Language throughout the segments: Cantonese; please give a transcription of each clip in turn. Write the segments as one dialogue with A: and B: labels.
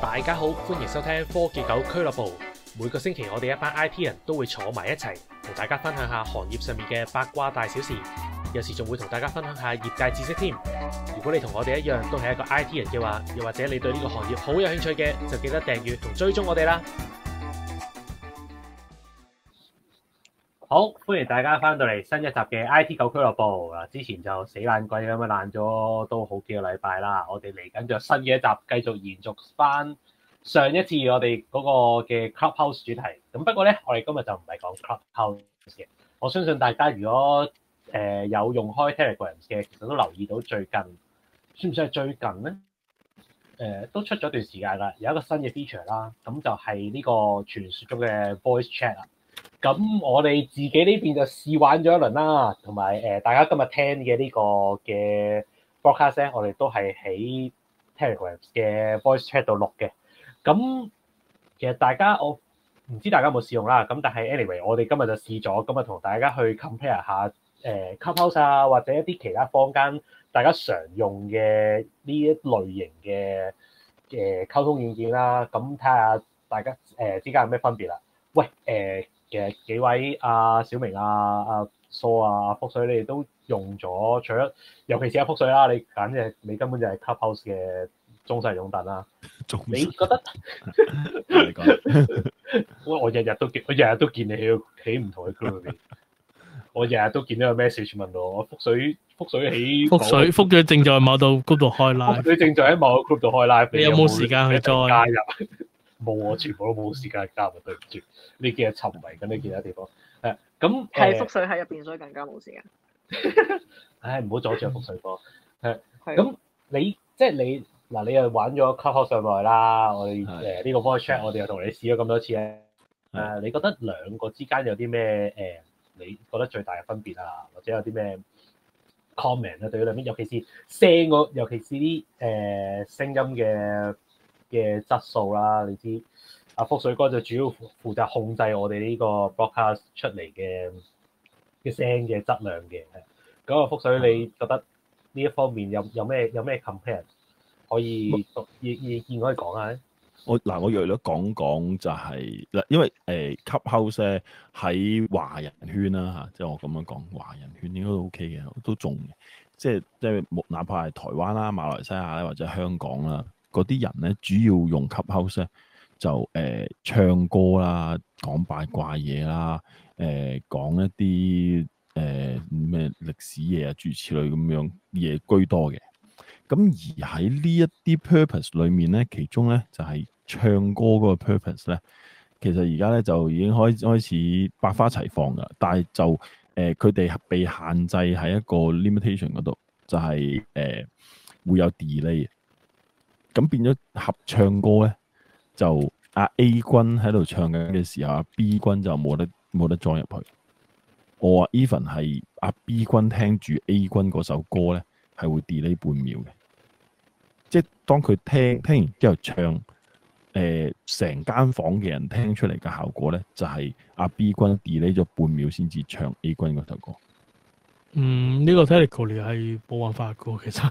A: 大家好，歡迎收聽科技狗俱樂部。每個星期我哋一班 IT 人都會坐埋一齊，同大家分享下行業上面嘅八卦大小事，有時仲會同大家分享下業界知識添。如果你同我哋一樣都係一個 IT 人嘅話，又或者你對呢個行業好有興趣嘅，就記得訂閱同追蹤我哋啦。好，歡迎大家翻到嚟新一集嘅 I.T. 九俱樂部嗱，之前就死懶鬼咁樣懶咗都好幾個禮拜啦。我哋嚟緊就新嘅一集，繼續延續翻上一次我哋嗰個嘅 Clubhouse 主題。咁不過咧，我哋今日就唔係講 Clubhouse 嘅。我相信大家如果誒、呃、有用開 Telegram 嘅，其實都留意到最近，算唔算係最近咧？誒、呃，都出咗段時間啦，有一個新嘅 feature 啦，咁就係呢個傳説中嘅 Voice Chat 啊。咁我哋自己呢邊就試玩咗一輪啦，同埋誒，大家今日聽嘅，這個，呢個嘅 broadcast 咧，我哋都係喺 Telegram 嘅 voice chat 度錄嘅。咁、嗯、其實大家我唔知大家有冇試用啦，咁但係 anyway，我哋今日就試咗，今日同大家去 compare 下誒、呃、Comp，Skype 啊，或者一啲其他坊間大家常用嘅呢一類型嘅誒溝通軟件啦，咁睇下大家誒、呃、之間有咩分別啦。喂，誒、呃。其實幾位阿小明、阿阿蘇啊、阿福水，你哋都用咗，除咗尤其是阿福水啦，你簡直你根本就係 Clubhouse 嘅終身擁躉啦。你覺得？我日日都見，我日日都見你去起唔同嘅 club 入面。我日日都見到個 message 問到我福水，福水起福水，福
B: 嘅正在某度嗰度開拉。福水
A: 正在喺某 group 度開拉，你有冇時間去再加入？冇，啊，全部都冇時間交啊。對唔住。你其實沉迷緊啲其他地方，係咁係覆水
C: 喺入邊，所以更加冇時間。
A: 唉，唔好阻住啊！覆水哥，係咁你即係你嗱，你又玩咗 Clubhouse 上來啦。我哋誒呢個 Voice Chat，我哋又同你試咗咁多次咧。誒，你覺得兩個之間有啲咩誒，你覺得最大嘅分別啊，或者有啲咩 comment 啊？對於兩邊，尤其是聲，尤其是啲誒聲音嘅。嘅質素啦，你知阿福水哥就主要負責控制我哋呢個 broadcast 出嚟嘅嘅聲嘅質量嘅。咁啊，福水，你覺得呢一方面有有咩有咩 compare 可以亦意意見可以講下咧？
D: 我嗱，我略略講講就係、是、嗱，因為誒、呃、cup house 喺華人圈啦吓，即、就、係、是、我咁樣講，華人圈應該都 OK 嘅，都仲，即係即係冇，哪怕係台灣啦、馬來西亞咧，或者香港啦。嗰啲人咧，主要用 Clubhouse 咧，就誒、呃、唱歌啦，講八卦嘢啦，誒、呃、講一啲誒咩歷史嘢啊，諸如此類咁樣嘢居多嘅。咁而喺呢一啲 purpose 裏面咧，其中咧就係、是、唱歌嗰個 purpose 咧，其實而家咧就已經開開始百花齊放喇，但係就誒佢哋被限制喺一個 limitation 嗰度，就係、是、誒、呃、會有 delay。咁變咗合唱歌咧，就阿 A 君喺度唱緊嘅時候，阿 B 君就冇得冇得裝入去。我話 Even 係阿 B 君聽住 A 君嗰首歌咧，係會 delay 半秒嘅。即係當佢聽聽完之後唱，誒、呃、成間房嘅人聽出嚟嘅效果咧，就係、是、阿 B 君 delay 咗半秒先至唱 A 君嗰首歌。
B: 嗯，呢、這個 technical 係冇辦法嘅，其實。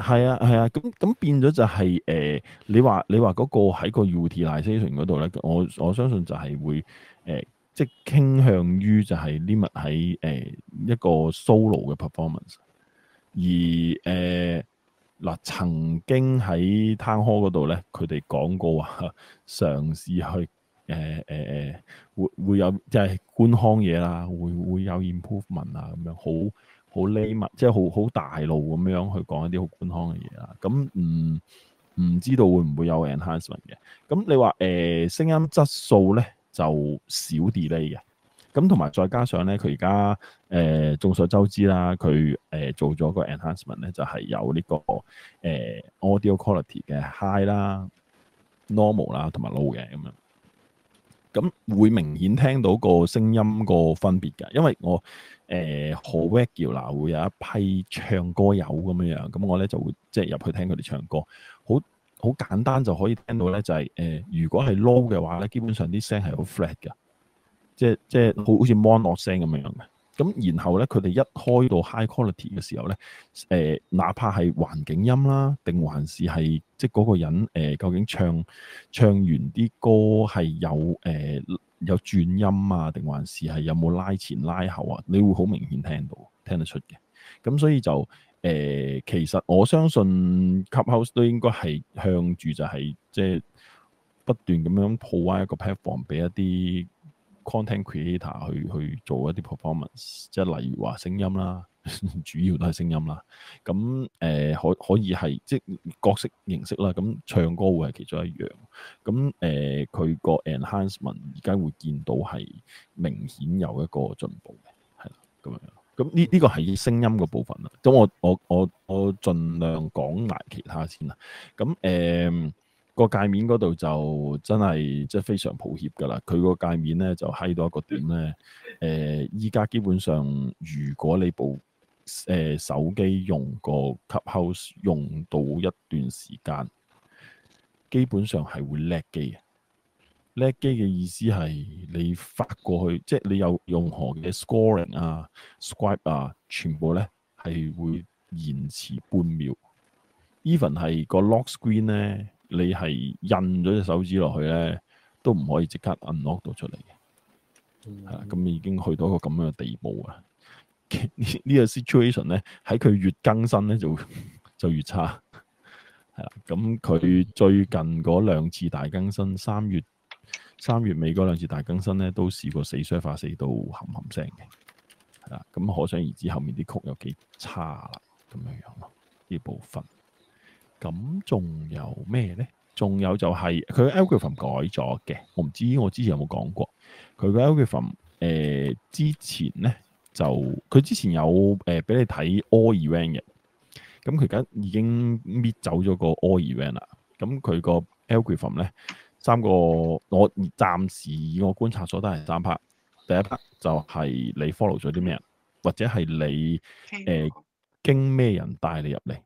D: 係啊，係啊，咁咁變咗就係、是、誒、呃，你話你話嗰個喺個 utilization 嗰度咧，我我相信就係會誒，即、呃、係、就是、傾向於就係 limit 喺誒一個 solo 嘅 performance，而誒嗱、呃呃呃、曾經喺 town hall 嗰度咧，佢哋講過話嘗試去誒誒誒會會有即係官腔嘢啦，會會有 improvement 啊咁樣好。好隱密，即係好好大路咁樣去講一啲好官方嘅嘢啦。咁唔唔知道會唔會有 enhancement 嘅？咁、嗯、你話誒、呃、聲音質素咧就少 delay 嘅。咁同埋再加上咧，佢而家誒眾所周知啦，佢誒、呃、做咗個 enhancement 咧、這個，就係有呢個誒 audio quality 嘅 high 啦、normal 啦同埋 low 嘅咁樣。咁、嗯、會明顯聽到個聲音個分別㗎，因為我。誒好 work 叫嗱，會、呃、有一批唱歌友咁樣樣，咁我咧就會即係入去聽佢哋唱歌，好好簡單就可以聽到咧就係、是、誒、呃，如果係 low 嘅話咧，基本上啲聲係 fl、就是就是、好 flat 嘅，即係即係好似 monologue 聲咁樣樣嘅。咁然後咧佢哋一開到 high quality 嘅時候咧，誒、呃、哪怕係環境音啦，定還是係即係嗰個人誒、呃、究竟唱唱完啲歌係有誒。呃有轉音啊，定還是係有冇拉前拉後啊？你會好明顯聽到，聽得出嘅。咁所以就誒、呃，其實我相信 cup house 都應該係向住就係即係不斷咁樣鋪開一個 platform 俾一啲。Content Creator 去去做一啲 performance，即係例如話聲音啦， 主要都係聲音啦。咁誒可可以係即係角色形式啦。咁唱歌會係其中一樣。咁誒佢個 enhancement 而家會見到係明顯有一個進步嘅，係啦咁樣。咁呢呢個係聲音個部分啦。咁我我我我盡量講埋其他先啦。咁誒。呃個界面嗰度就真係即係非常抱歉噶啦，佢個界面咧就閪到一個點咧。誒、呃，依家基本上，如果你部誒、呃、手機用個 Clubhouse 用到一段時間，基本上係會 lag 機。lag 機嘅意思係你發過去，即係你有任何嘅 scoring 啊、scribe 啊，全部咧係會延遲半秒。Even 係個 lock screen 咧。你係印咗隻手指落去咧，都唔可以即刻 unlock 到出嚟嘅，係啦，咁已經去到一個咁樣嘅地步啊！呢 個 situation 咧，喺佢越更新咧就就越差，係啦。咁佢最近嗰兩次大更新，三月三月尾嗰兩次大更新咧，都試過死衰化死含含，死到冚冚聲嘅，係啦。咁可想而知後面啲曲有幾差啦，咁樣樣咯，呢部分。咁仲有咩咧？仲有就係、是、佢嘅 algorithm 改咗嘅，我唔知我之前有冇講過。佢嘅 algorithm，誒、呃、之前咧就佢之前有誒俾、呃、你睇 all event 嘅，咁佢而家已經搣走咗個 all event 啦。咁、嗯、佢個 algorithm 咧三個，我暫時我觀察所都係三拍。第一拍就係你 follow 咗啲咩人，或者係你誒、呃、經咩人帶你入嚟。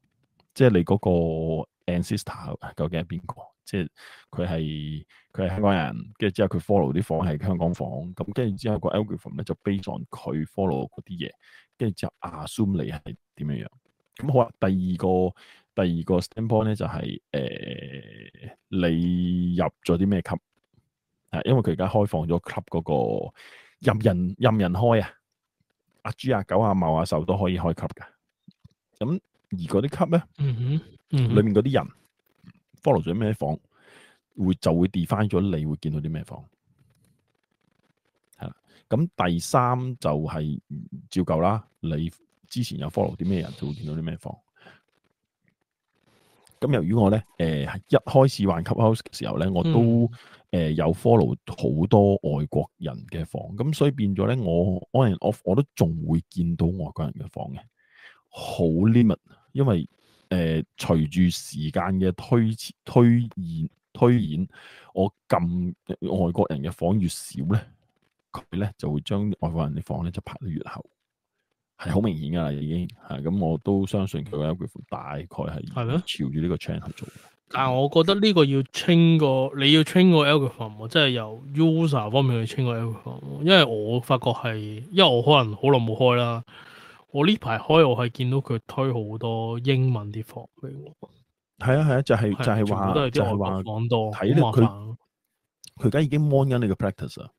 D: 即係你嗰個 ancestor 究竟係邊個？即係佢係佢係香港人，跟住之後佢 follow 啲房係香港房，咁跟住之後個 algorithm 咧就 base on 佢 follow 嗰啲嘢，跟住之後 assume 你係點樣樣。咁好啊，第二個第二個 sample 咧就係、是、誒、呃、你入咗啲咩級啊？因為佢而家開放咗級嗰個任人任人開啊！阿豬阿九阿茂阿壽都可以開級嘅，咁、嗯。而嗰啲級咧、嗯，嗯哼，裏面嗰啲人 follow 咗咩房，會就會 define 咗，你會見到啲咩房？係啦，咁第三就係、是、照舊啦。你之前有 follow 啲咩人，就會見到啲咩房。咁由於我咧，誒、呃，一開始玩 clubhouse 嘅時候咧，我都誒、嗯呃、有 follow 好多外國人嘅房，咁所以變咗咧，我可能 e 我都仲會見到外國人嘅房嘅。好 limit，因為誒隨住時間嘅推推延推演，我撳、呃、外國人嘅房越少咧，佢咧就會將外國人嘅房咧就排得越後。係好明顯㗎啦，已經係咁，我都相信佢嘅 algorithm 大概係係咯，朝住呢個 channel 去做。
B: 但係我覺得呢個要 train 個你要 train 個 algorithm，即係由 user 方面去 train 個 algorithm，因為我發覺係因為我可能好耐冇開啦。我呢排開我係見到佢推好多英文啲房
D: 俾我，係啊，係啊，就係、是啊、就係、是、話就話
B: 講多睇到佢
D: 佢而家已經 mon 緊你個 practice 啊，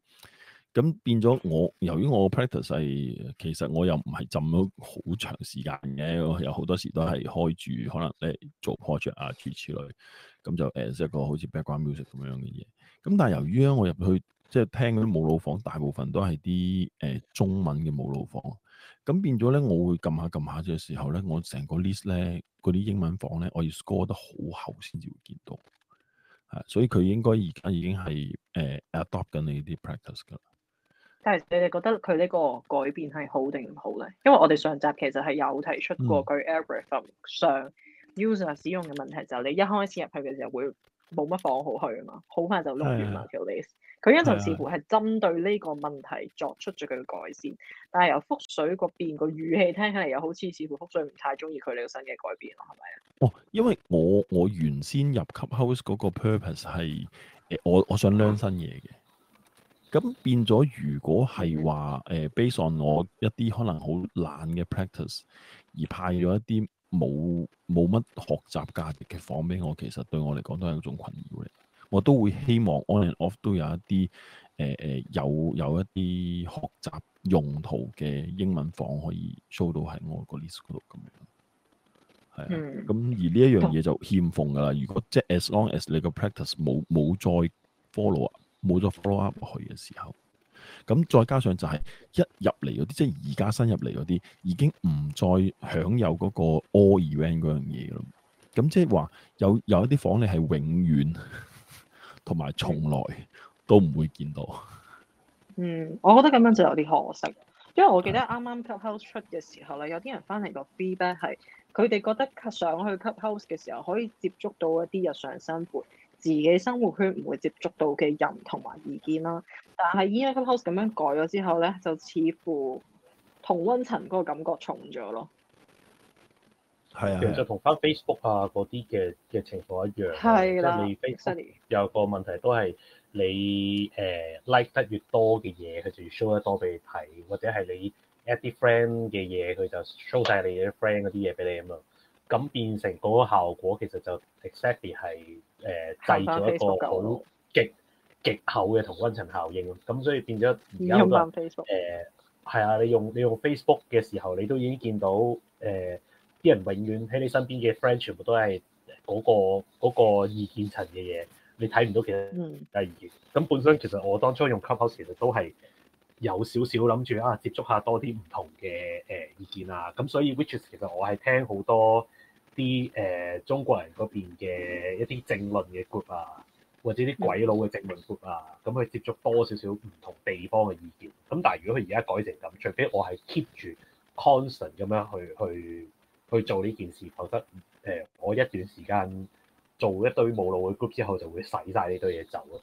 D: 咁變咗我由於我個 practice 係其實我又唔係浸咗好長時間嘅，有好多時都係開住可能誒做 project 啊，諸如此類，咁就誒即係一個好似 background music 咁樣嘅嘢。咁但係由於咧我入去即係、就是、聽嗰啲舞樓房，大部分都係啲誒中文嘅舞樓房。咁變咗咧，我會撳下撳下嘅時候咧，我成個 list 咧，嗰啲英文房咧，我要 scroll 得好厚先至會見到，啊！所以佢應該而家已經係誒、呃、adopt 緊你啲 practice 㗎喇。
C: 但係你哋覺得佢呢個改變係好定唔好咧？因為我哋上集其實係有提出過佢 interface 上、嗯、user 使用嘅問題，就係你一開始入去嘅時候會冇乜房好去啊嘛，好快就碌完埋條 list。佢嗰陣似乎係針對呢個問題作出咗佢嘅改善，但係由覆水嗰邊個語氣聽起嚟又好似似乎覆水唔太中意佢呢個新嘅改變咯，係咪啊？
D: 哦，因為我我原先入級 house 嗰個 purpose 係誒、呃、我我想 learn 新嘢嘅，咁變咗如果係話誒 based on 我一啲可能好懶嘅 practice 而派咗一啲冇冇乜學習價值嘅房俾我，其實對我嚟講都係一種困擾嚟。我都會希望 on and off 都有一啲誒誒有有一啲學習用途嘅英文房可以租到喺我個 list 度，咁樣係啊。咁而呢一樣嘢就欠奉㗎啦。如果即係 as long as 你個 practice 冇冇再 follow 啊，冇再 follow up 去嘅時候，咁再加上就係一入嚟嗰啲，即係而家新入嚟嗰啲已經唔再享有嗰個 all event 嗰樣嘢咯。咁即係話有有一啲房你係永遠。同埋從來都唔會見到。
C: 嗯，我覺得咁樣就有啲可惜，因為我記得啱啱 cup house 出嘅時候咧，嗯、有啲人翻嚟個 feedback 係佢哋覺得上去 cup house 嘅時候可以接觸到一啲日常生活、自己生活圈唔會接觸到嘅人同埋意見啦。但係依家 cup house 咁樣改咗之後咧，就似乎同溫層嗰個感覺重咗咯。
A: 係啊，其實同翻 Facebook 啊嗰啲嘅嘅情況一樣，即係的你 Facebook 有個問題，的都係你誒 like 得越多嘅嘢，佢就越 show 得多俾你睇，或者係你 add 啲 friend 嘅嘢，佢就 show 晒你啲 friend 嗰啲嘢俾你啊嘛。咁變成嗰個效果其實就 exactly 係誒、呃、製咗一個好極極厚嘅同溫層效應咯。咁所以變咗而家誒係啊，你用你用 Facebook 嘅時候，你都已經見到誒。呃啲人永遠喺你身邊嘅 friend 全部都係嗰、嗰個嗰個意見層嘅嘢，你睇唔到其實其他第二嘅。咁本身其實我當初用 Clubhouse 其實都係有少少諗住啊，接觸下多啲唔同嘅誒意見啊。咁所以 which is 其實我係聽好多啲誒、uh, 中國人嗰邊嘅一啲政論嘅 group 啊，或者啲鬼佬嘅政論 group 啊，咁去、mm hmm. 接觸多少少唔同地方嘅意見。咁但係如果佢而家改成咁，除非我係 keep 住 constant 咁樣去去。去去做呢件事，否則誒，我一段時間做一堆無腦嘅 group 之後，就會洗晒呢堆嘢走
C: 啊，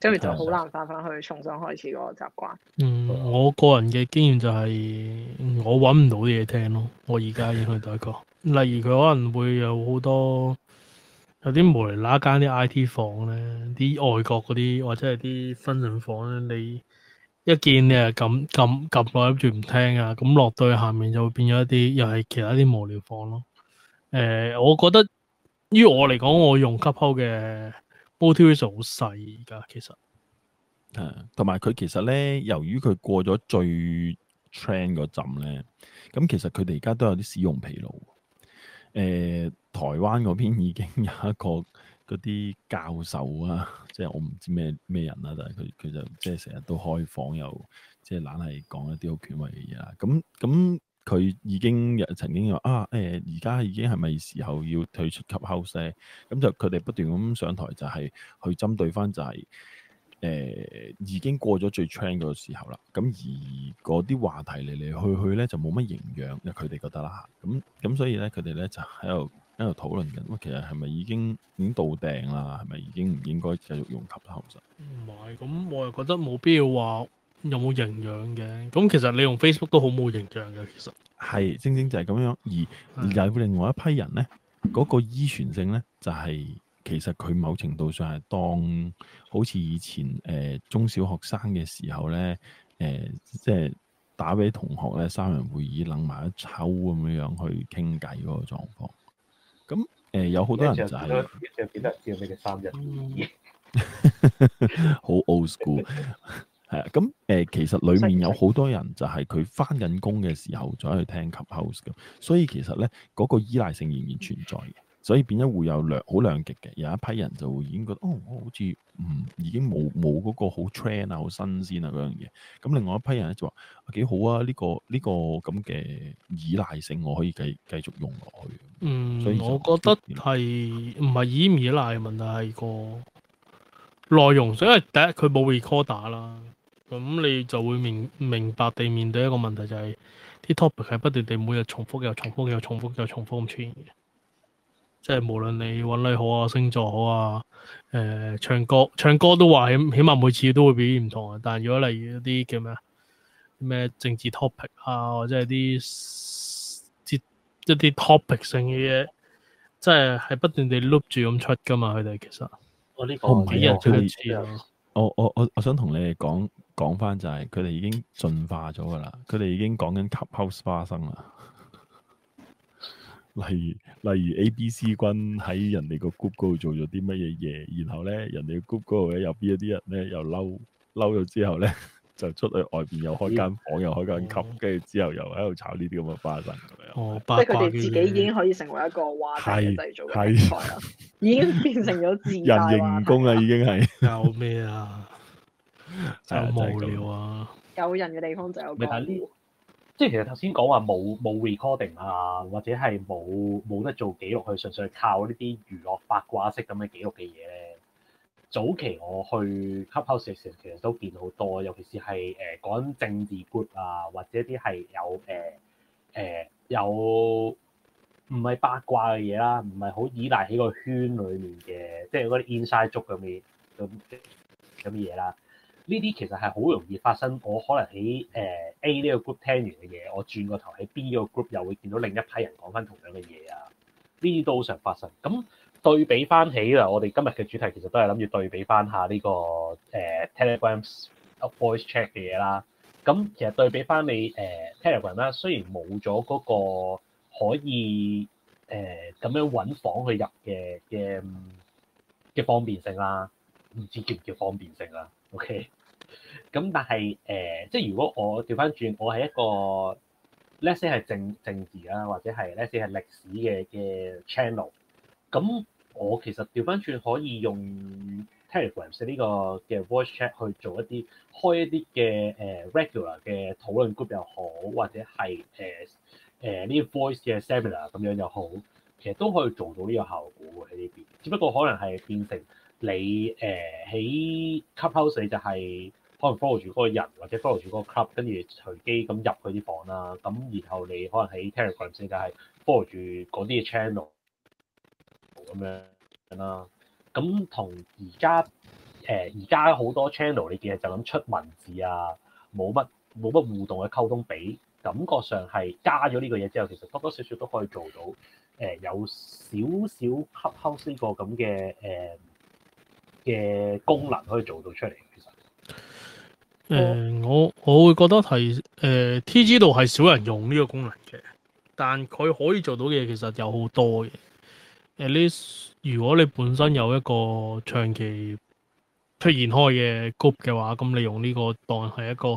C: 即係就好難翻返去重新開始嗰個習慣。嗯，
B: 我個人嘅經驗就係，我揾唔到嘢聽咯，我而家已經去到一個，例如佢可能會有好多有啲無釐喇間啲 IT 房咧，啲外國嗰啲或者係啲分層房咧，你。一見你又撳撳撳耐住唔聽啊，咁落到去下面就會變咗一啲，又係其他啲無聊房咯。誒、呃，我覺得於我嚟講，我用 Capo 嘅 Motivation 好細而家，其
D: 實誒，同埋佢其實咧，由於佢過咗最 trend 嗰陣咧，咁其實佢哋而家都有啲使用疲勞。誒、呃，台灣嗰邊已經有一個。嗰啲教授啊，即、就、係、是、我唔知咩咩人啦、啊，但係佢佢就即係成日都開房又，又即係懶係講一啲好權威嘅嘢啦。咁咁佢已經有曾經話啊，誒而家已經係咪時候要退出 Clubhouse？咁就佢哋不斷咁上台，就係去針對翻就係、是、誒、呃、已經過咗最 trend 嗰個時候啦。咁而嗰啲話題嚟嚟去去咧，就冇乜營養，因為佢哋覺得啦。咁咁所以咧，佢哋咧就喺度。喺度討論緊，咁其實係咪已經已經到定啦？係咪已經唔應該繼續用合啦？唔實
B: 唔係咁，我又覺得冇必要話有冇營養嘅。咁其實你用 Facebook 都好冇營養嘅。其實
D: 係正正就係咁樣，而而有另外一批人咧，嗰個依存性咧，就係、是、其實佢某程度上係當好似以前誒、呃、中小學生嘅時候咧，誒即係打俾同學咧，三人會議撚埋一抽咁樣樣去傾偈嗰個狀況。咁誒、呃、有好多人就係又得見
A: 你嘅三人，
D: 好 old school 係啊。咁誒 其實裏面有好多人就係佢翻緊工嘅時候再去聽 Clubhouse 咁，所以其實咧、嗰個依賴性仍然存在嘅。所以變咗會有兩好兩極嘅，有一批人就會已經覺得哦，好似唔已經冇冇嗰個好 trend 啊、好新鮮啊嗰樣嘢。咁另外一批人咧就話幾好啊，呢個呢個咁嘅依賴性我可以繼繼續用落去。嗯，所以我覺
B: 得係唔係依唔依賴嘅問題係個
D: 內容，所以
B: 第一佢冇 recorder 啦，咁你就會明明白地面對一個問題就係啲 topic 係不斷地每日重複、又重複、又重複、又重複咁出現嘅。即係無論你揾女好啊，星座好啊，誒、呃、唱歌唱歌都話起起碼每次都會表現唔同嘅。但係如果例如一啲叫咩啊，咩政治 topic 啊，或者係啲一啲 topic 性嘅嘢，即係係不斷地 loop 住咁出噶嘛。佢哋其實我呢個唔係人。出嚟，哦啊。
D: 我我我我想同你哋講講返就係佢哋已經進化咗噶啦，佢哋已經講緊 house 花生啦。例如例如 A B C 君喺人哋個 Google 做咗啲乜嘢嘢，然後咧人哋個 Google 喺入邊有啲人咧又嬲嬲咗之後咧就出去外邊又開間房，欸、又開間吸，跟住、欸、之後又喺度炒呢啲咁嘅花生。哦，咁樣即係佢哋自己已經
C: 可以成為一個話
D: 題嘅製造
C: 者，已經變成咗自己人形工
D: 啦，已經係。有咩啊？有無
A: 聊啊？有人嘅
C: 地方就有。
A: 即係其實頭先講話冇冇 recording 啊，或者係冇冇得做記錄去，純粹靠呢啲娛樂八卦式咁嘅記錄嘅嘢咧。早期我去 c o u p e Six 其實都變好多，尤其是係誒、呃、講政治 good 啊，或者啲係有誒誒、呃呃、有唔係八卦嘅嘢啦，唔係好依賴喺個圈裡面嘅，即係嗰啲 inside 足咁啲咁咁嘅嘢啦。呢啲其實係好容易發生，我可能喺誒 A 呢個 group 聽完嘅嘢，我轉過頭喺 B 個 group 又會見到另一批人講翻同樣嘅嘢啊，呢啲都常發生。咁對比翻起啦，我哋今日嘅主題其實都係諗住對比翻下呢個誒 Telegram Voice Check 嘅嘢啦。咁其實對比翻你誒 Telegram 啦，雖然冇咗嗰個可以誒咁樣揾房去入嘅嘅嘅方便性啦。唔知叫唔叫方便性啦，OK。咁但係誒，即係如果我調翻轉，我係一個 lessen 係政治啦，或者係 lessen 係歷史嘅嘅 channel。咁我其實調翻轉可以用 Telegram 嘅呢個嘅 Voice Chat 去做一啲開一啲嘅誒 regular 嘅討論 group 又好，或者係誒誒呢個 Voice 嘅 Seminar 咁樣又好，其實都可以做到呢個效果喺呢邊。只不過可能係變成。你誒喺、呃、Clubhouse 就係、是、可能 follow 住嗰個人或者 follow 住嗰個 club，跟住隨機咁入佢啲房啦。咁然後你可能喺 Telegram 先，呃、annel，就係 follow 住嗰啲嘅 channel 咁樣啦。咁同而家誒而家好多 channel，你見係就咁出文字啊，冇乜冇乜互動嘅溝通俾。感覺上係加咗呢個嘢之後，其實多多少少都可以做到誒、呃，有少少 Clubhouse 呢個咁嘅誒。呃
B: 嘅功能可以做到出嚟，其實誒、呃，我我會覺得係誒、呃、，T G 度係少人用呢個功能嘅，但佢可以做到嘅嘢其實有好多嘅。At least，如果你本身有一個長期出現開嘅 group 嘅話，咁你用呢個當係一個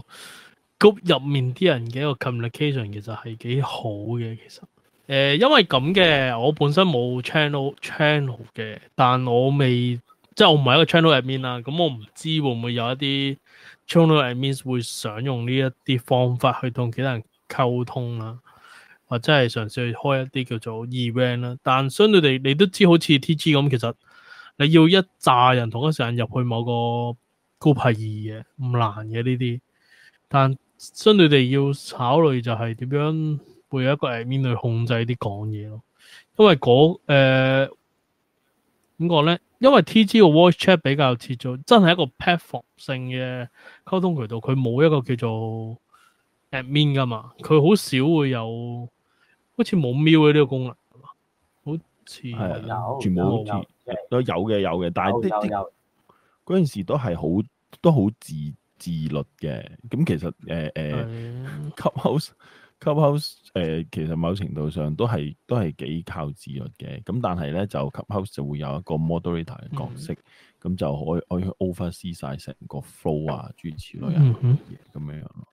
B: group 入面啲人嘅一個 communication，其實係幾好嘅。其實誒、呃，因為咁嘅，我本身冇 ch channel channel 嘅，但我未。即係我唔係一個 channel admin 啦，咁我唔知會唔會有一啲 channel admins 會想用呢一啲方法去同其他人溝通啦，或者係嘗試去開一啲叫做 event 啦。但相對地，你都知好似 TG 咁，其實你要一炸人同一時間入去某個 group 二嘅唔難嘅呢啲，但相對地要考慮就係點樣有一個 admin 去控制啲講嘢咯，因為嗰誒點講咧？呃那個呢因為 TG 嘅 Voice Chat 比較切咗，真係一個 platform 性嘅溝通渠道，佢冇一個叫做 admin 㗎嘛，佢好少會有，好似冇嘅呢個功能，好似係啊，有全部有有
D: 都有嘅有嘅，有的但係啲啲嗰時都係好都好自自律嘅，咁其實誒誒 close Clubhouse 誒、呃、其實某程度上都係都係幾靠自律嘅，咁但係咧就 Clubhouse 就會有一個 moderator 嘅角色，咁、嗯、哼就可以可以 oversee 晒成個 flow 啊諸如此類啊嘢咁樣咯，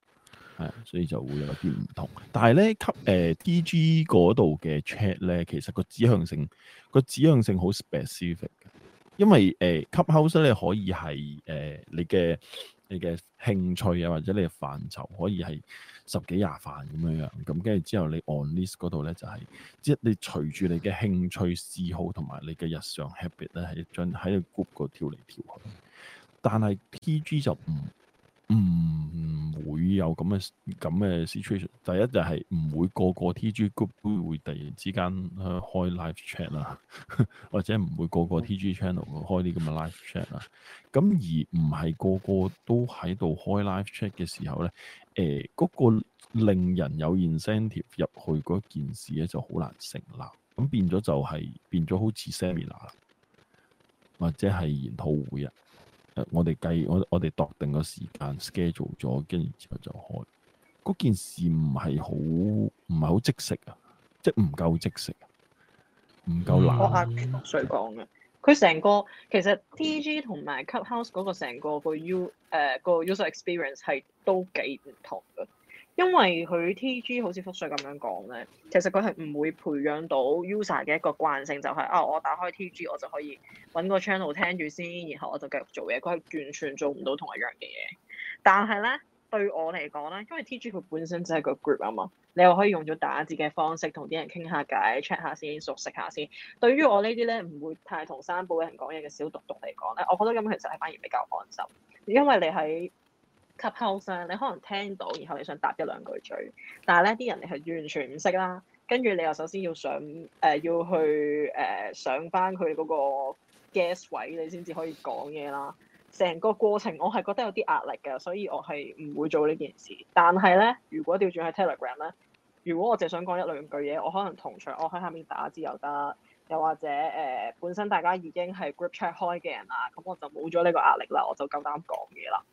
D: 係、嗯，所以就會有啲唔同。但係咧 Club DG 嗰度嘅 chat 咧，其實個指向性個指向性好 specific 嘅，因為誒、呃、Clubhouse 咧可以係誒、呃、你嘅你嘅興趣啊，或者你嘅範疇可以係。十幾廿份咁樣樣，咁跟住之後你 on list 嗰度咧就係、是，即係你隨住你嘅興趣嗜好同埋你嘅日常 habit 咧，係一張喺個 group 度跳嚟跳去，但係 TG 就唔唔，嗯嗯會有咁嘅咁嘅 situation。第一就係唔會個個 TG group 會突然之間開 live chat 啦，或者唔會個個 TG channel 開啲咁嘅 live chat 啦。咁而唔係個個都喺度開 live chat 嘅時候咧，誒、呃、嗰、那個令人有 incentive 入去嗰件事咧就好難成立。咁變咗就係、是、變咗好似 seminar 或者係研討會啊。我哋計我我哋度定個時間 schedule 咗，跟住之後就開。嗰件事唔係好唔係好即食啊，即係唔夠即食，唔夠難。我
C: 阿水講嘅，佢成個其實 TG 同埋 Club、uh, House 嗰個成個個 U 誒個 user experience 係都幾唔同嘅。因為佢 T.G. 好似福水咁樣講咧，其實佢係唔會培養到 user 嘅一個慣性，就係、是、啊、哦，我打開 T.G. 我就可以揾個 channel 聽住先，然後我就繼續做嘢。佢係完全做唔到同一樣嘅嘢。但係咧，對我嚟講咧，因為 T.G. 佢本身就係個 group 啊嘛，你又可以用咗打字嘅方式同啲人傾下偈，check 下先，熟識下先。對於我呢啲咧唔會太同生保人講嘢嘅小毒毒嚟講咧，我覺得咁其實係反而比較安心，因為你喺 Clubhouse 上你可能聽到，然後你想答一兩句嘴，但係咧啲人你係完全唔識啦。跟住你又首先要上誒、呃、要去誒、呃、上翻佢嗰個 guest 位，你先至可以講嘢啦。成個過程我係覺得有啲壓力㗎，所以我係唔會做呢件事。但係咧，如果調轉喺 Telegram 咧，如果我淨係想講一兩句嘢，我可能同場我喺下面打字又得，又或者誒、呃、本身大家已經係 group chat 開嘅人啦，咁我就冇咗呢個壓力啦，我就夠膽講嘢啦。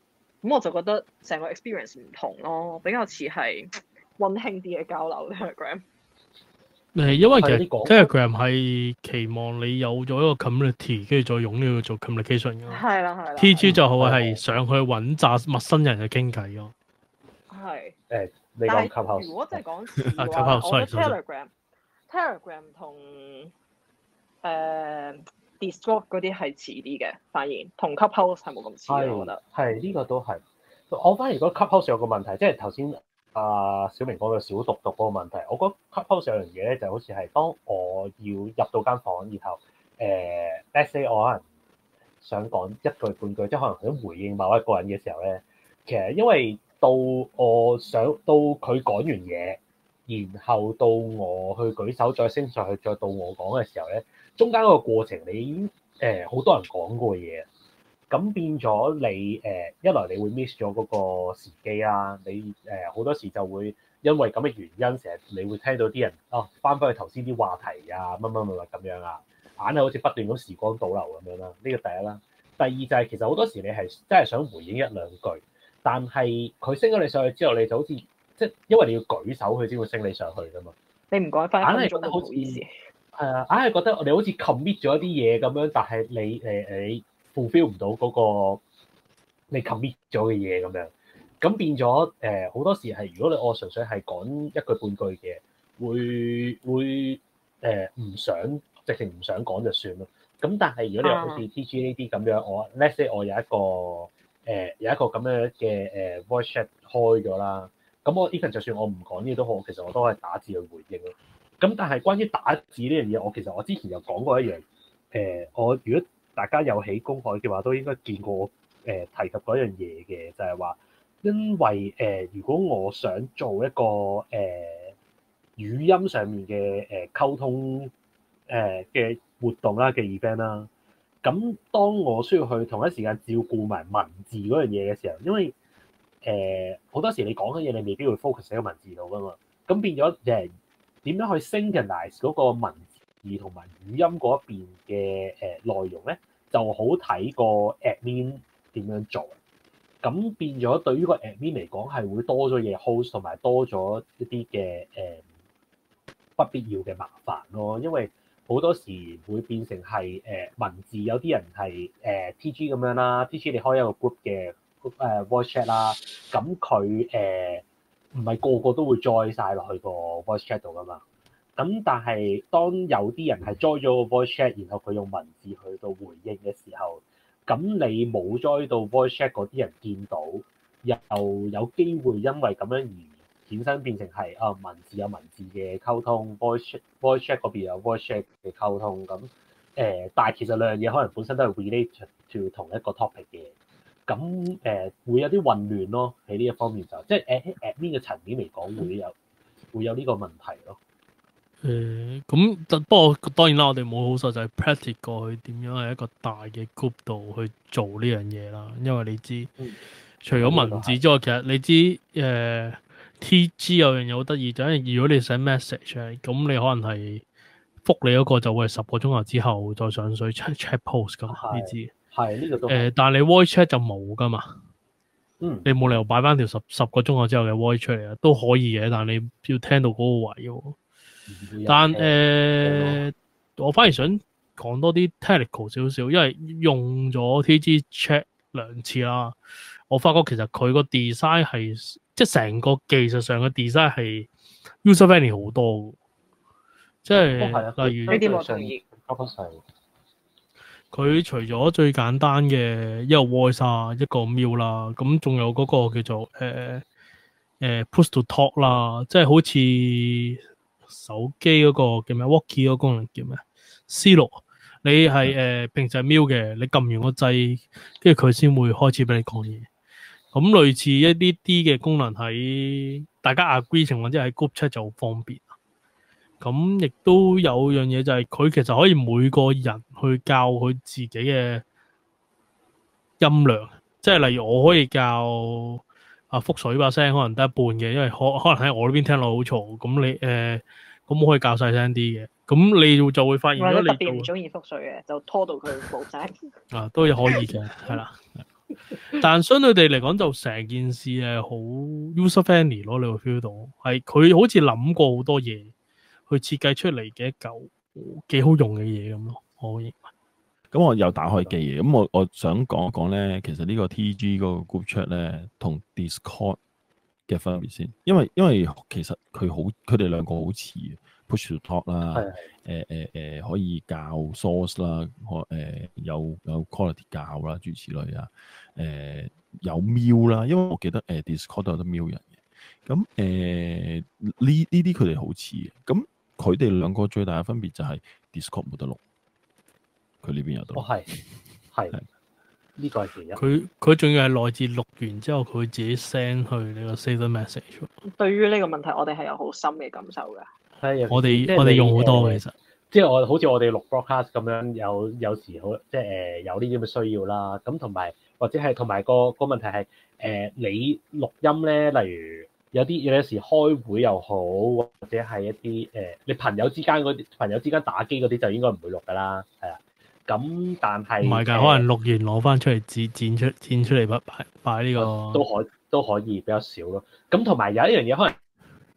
C: 咁我就覺得成個 experience 唔同咯，比較似係溫馨啲嘅交流。Telegram
B: 誒，因為其實 Telegram 係、這個、期望你有咗一個 community，跟住再用呢個做 communication 嘅。係啦，係啦。TG 就好係上去揾炸陌生人嚟傾偈咯。係誒，但係如
A: 果真
C: 係講事嘅話，啊、sorry, 我覺得 Telegram Tele、Telegram 同誒。Discord 嗰啲係遲啲嘅反應，同 Clubhouse 係冇咁遲嘅，我覺得。
A: 係呢、這個都係，我反而嗰 Clubhouse 有個問題，即係頭先啊小明講嘅小讀讀嗰個問題。我覺得 Clubhouse 有樣嘢咧，就好似係當我要入到間房以後，然後誒 say 我可能想講一句半句，即係可能想回應某一個人嘅時候咧，其實因為到我想到佢講完嘢，然後到我去舉手再升上去，再到我講嘅時候咧。中間嗰個過程你，你已誒好多人講過嘢，咁變咗你誒、呃、一來你會 miss 咗嗰個時機啦、啊，你誒好、呃、多時就會因為咁嘅原因，成日你會聽到啲人哦翻返去頭先啲話題啊，乜乜乜乜咁樣啊，硬係好似不斷咁時光倒流咁樣啦。呢個第一啦，第二就係、是、其實好多時你係真係想回應一兩句，但係佢升咗你上去之後，你就好似即係因為你要舉手佢先會升你上去噶嘛，你唔講翻，硬係覺得唔好意思。係啊，硬係覺得我哋好似 commit 咗一啲嘢咁樣，但係你誒你，fulfil 唔到嗰個你 commit 咗嘅嘢咁樣，咁變咗誒好多時係，如果你我純粹係講一句半句嘅，會會誒唔、呃、想，直情唔想講就算啦。咁但係如果你好似 TG 呢啲咁樣，uh huh. 我 Let's say 我有一個誒、呃、有一個咁樣嘅誒 voice chat 開咗啦，咁我 even 就算我唔講嘢都好，其實我都可以打字去回應咯。咁但係關於打字呢樣嘢，我其實我之前有講過一樣，誒、呃，我如果大家有起公海嘅話，都應該見過我、呃、提及過一樣嘢嘅，就係、是、話，因為誒、呃，如果我想做一個誒、呃、語音上面嘅誒、呃、溝通誒嘅、呃、活動啦嘅 event 啦，咁當我需要去同一時間照顧埋文字嗰樣嘢嘅時候，因為誒好、呃、多時你講嘅嘢，你未必會 focus 喺個文字度㗎嘛，咁變咗誒、就是。點樣去 synchronize 嗰個文字同埋語音嗰邊嘅誒內容咧，就好睇個 admin 點樣做。咁變咗對於個 admin 嚟講，係會多咗嘢 host 同埋多咗一啲嘅誒不必要嘅麻煩咯。因為好多時會變成係誒文字，有啲人係誒 TG 咁樣啦，TG 你開一個 group 嘅誒 voice chat 啦，咁佢誒。唔係個個都會 join 晒落去個 voice chat 度㗎嘛，咁但係當有啲人係 join 咗個 voice chat，然後佢用文字去到回應嘅時候，咁你冇 join 到 voice chat 嗰啲人見到，又有機會因為咁樣而衍生變成係啊文字有文字嘅溝通，voice voice chat 嗰邊有 voice chat 嘅溝通，咁誒、呃，但係其實兩樣嘢可能本身都係 related to 同一個 topic 嘅。咁誒、嗯欸、會有啲混亂咯，喺呢一方面就即係誒喺邊嘅層面嚟講，會有會有呢個問題
B: 咯。嗯，咁不過當然啦，我哋冇好實際就係 practice 過去點樣喺一個大嘅 group 度去做呢樣嘢啦。因為你知，除咗文字之外，其實你知誒 TG 有樣嘢好得意，就係如果你寫 message 咁，你可能係覆你嗰個就會係十個鐘頭之後再上水 check check post 咁，你、嗯、知。係呢、這個誒、呃，但係你 voice chat 就冇噶嘛？嗯，你冇理由擺翻條十十個鐘後之後嘅 voice chat 嚟啊，都可以嘅，但係你要聽到嗰個位。嗯、但誒，我反而想講多啲 Technical 少少，因為用咗 TG chat 兩次啦，我發覺其實佢個 design 係，即係成個技術上嘅 design 係 user-friendly 好多嘅，即係、哦、例如。呢啲我佢除咗最簡單嘅一個 voice 啦，一個 mute 啦，咁仲有嗰個叫做誒誒、呃呃、push to talk 啦，即係好似手機嗰、那個叫咩 walkie 嗰個功能叫咩？C 六，你係誒平常 mute 嘅，你撳完個掣，跟住佢先會開始俾你講嘢。咁類似一啲啲嘅功能喺大家 agreement 或者喺 group chat 就好方便。咁亦都有樣嘢就係佢其實可以每個人去教佢自己嘅音量，即係例如我可以教阿、啊、福水把聲可能得一半嘅，因為可可能喺我呢邊聽落好嘈，咁你誒咁、呃、我可以教細聲啲嘅。咁你就會發現如果你唔中意
C: 福水嘅，就拖到佢
B: 冇聲 啊，都可以嘅，係啦。 但相對地嚟講，就成件事係好 user friendly 咯，你會 feel 到係佢好似諗過好多嘢。佢設計出嚟嘅一嚿幾好用嘅嘢咁咯，我認為。
D: 咁、嗯、我又打開機嘅，咁我我想講一講咧，其實呢個 TG 嗰個 Group Chat 咧同 Discord 嘅分別先，因為因為其實佢好佢哋兩個好似 Push to Talk 啦，誒誒誒可以教 source 啦，可、呃、有有 quality 教啦諸如此類啊，誒、呃、有 mute 啦，因為我記得誒 Discord 都有得 mute 人嘅，咁誒呢呢啲佢哋好似嘅，咁、嗯。佢哋兩個最大嘅分別就係 Discord 冇得錄，佢呢邊有得錄。哦，
A: 係，係，呢個係原因。佢
D: 佢仲要係
B: 內置錄完之後，佢自己 send 去呢個 save the message。
C: 對於呢個問題，我哋係有好深嘅感受嘅。
A: 係們，我哋們我哋用好多嘅，其實即係我好似我哋錄 broadcast 咁樣，有有時好即係誒有呢啲咁嘅需要啦。咁同埋或者係同埋個、個個問題係誒、呃、你錄音咧，例如。有啲有有時開會又好，或者係一啲誒、呃、你朋友之間啲朋友之間打機嗰啲就應該唔會錄㗎啦，係啊。咁但係唔係㗎？呃、可能
B: 錄完攞翻出嚟剪剪出剪出嚟擺擺呢個都可
A: 都可以比較少咯。咁同埋有一樣嘢，可能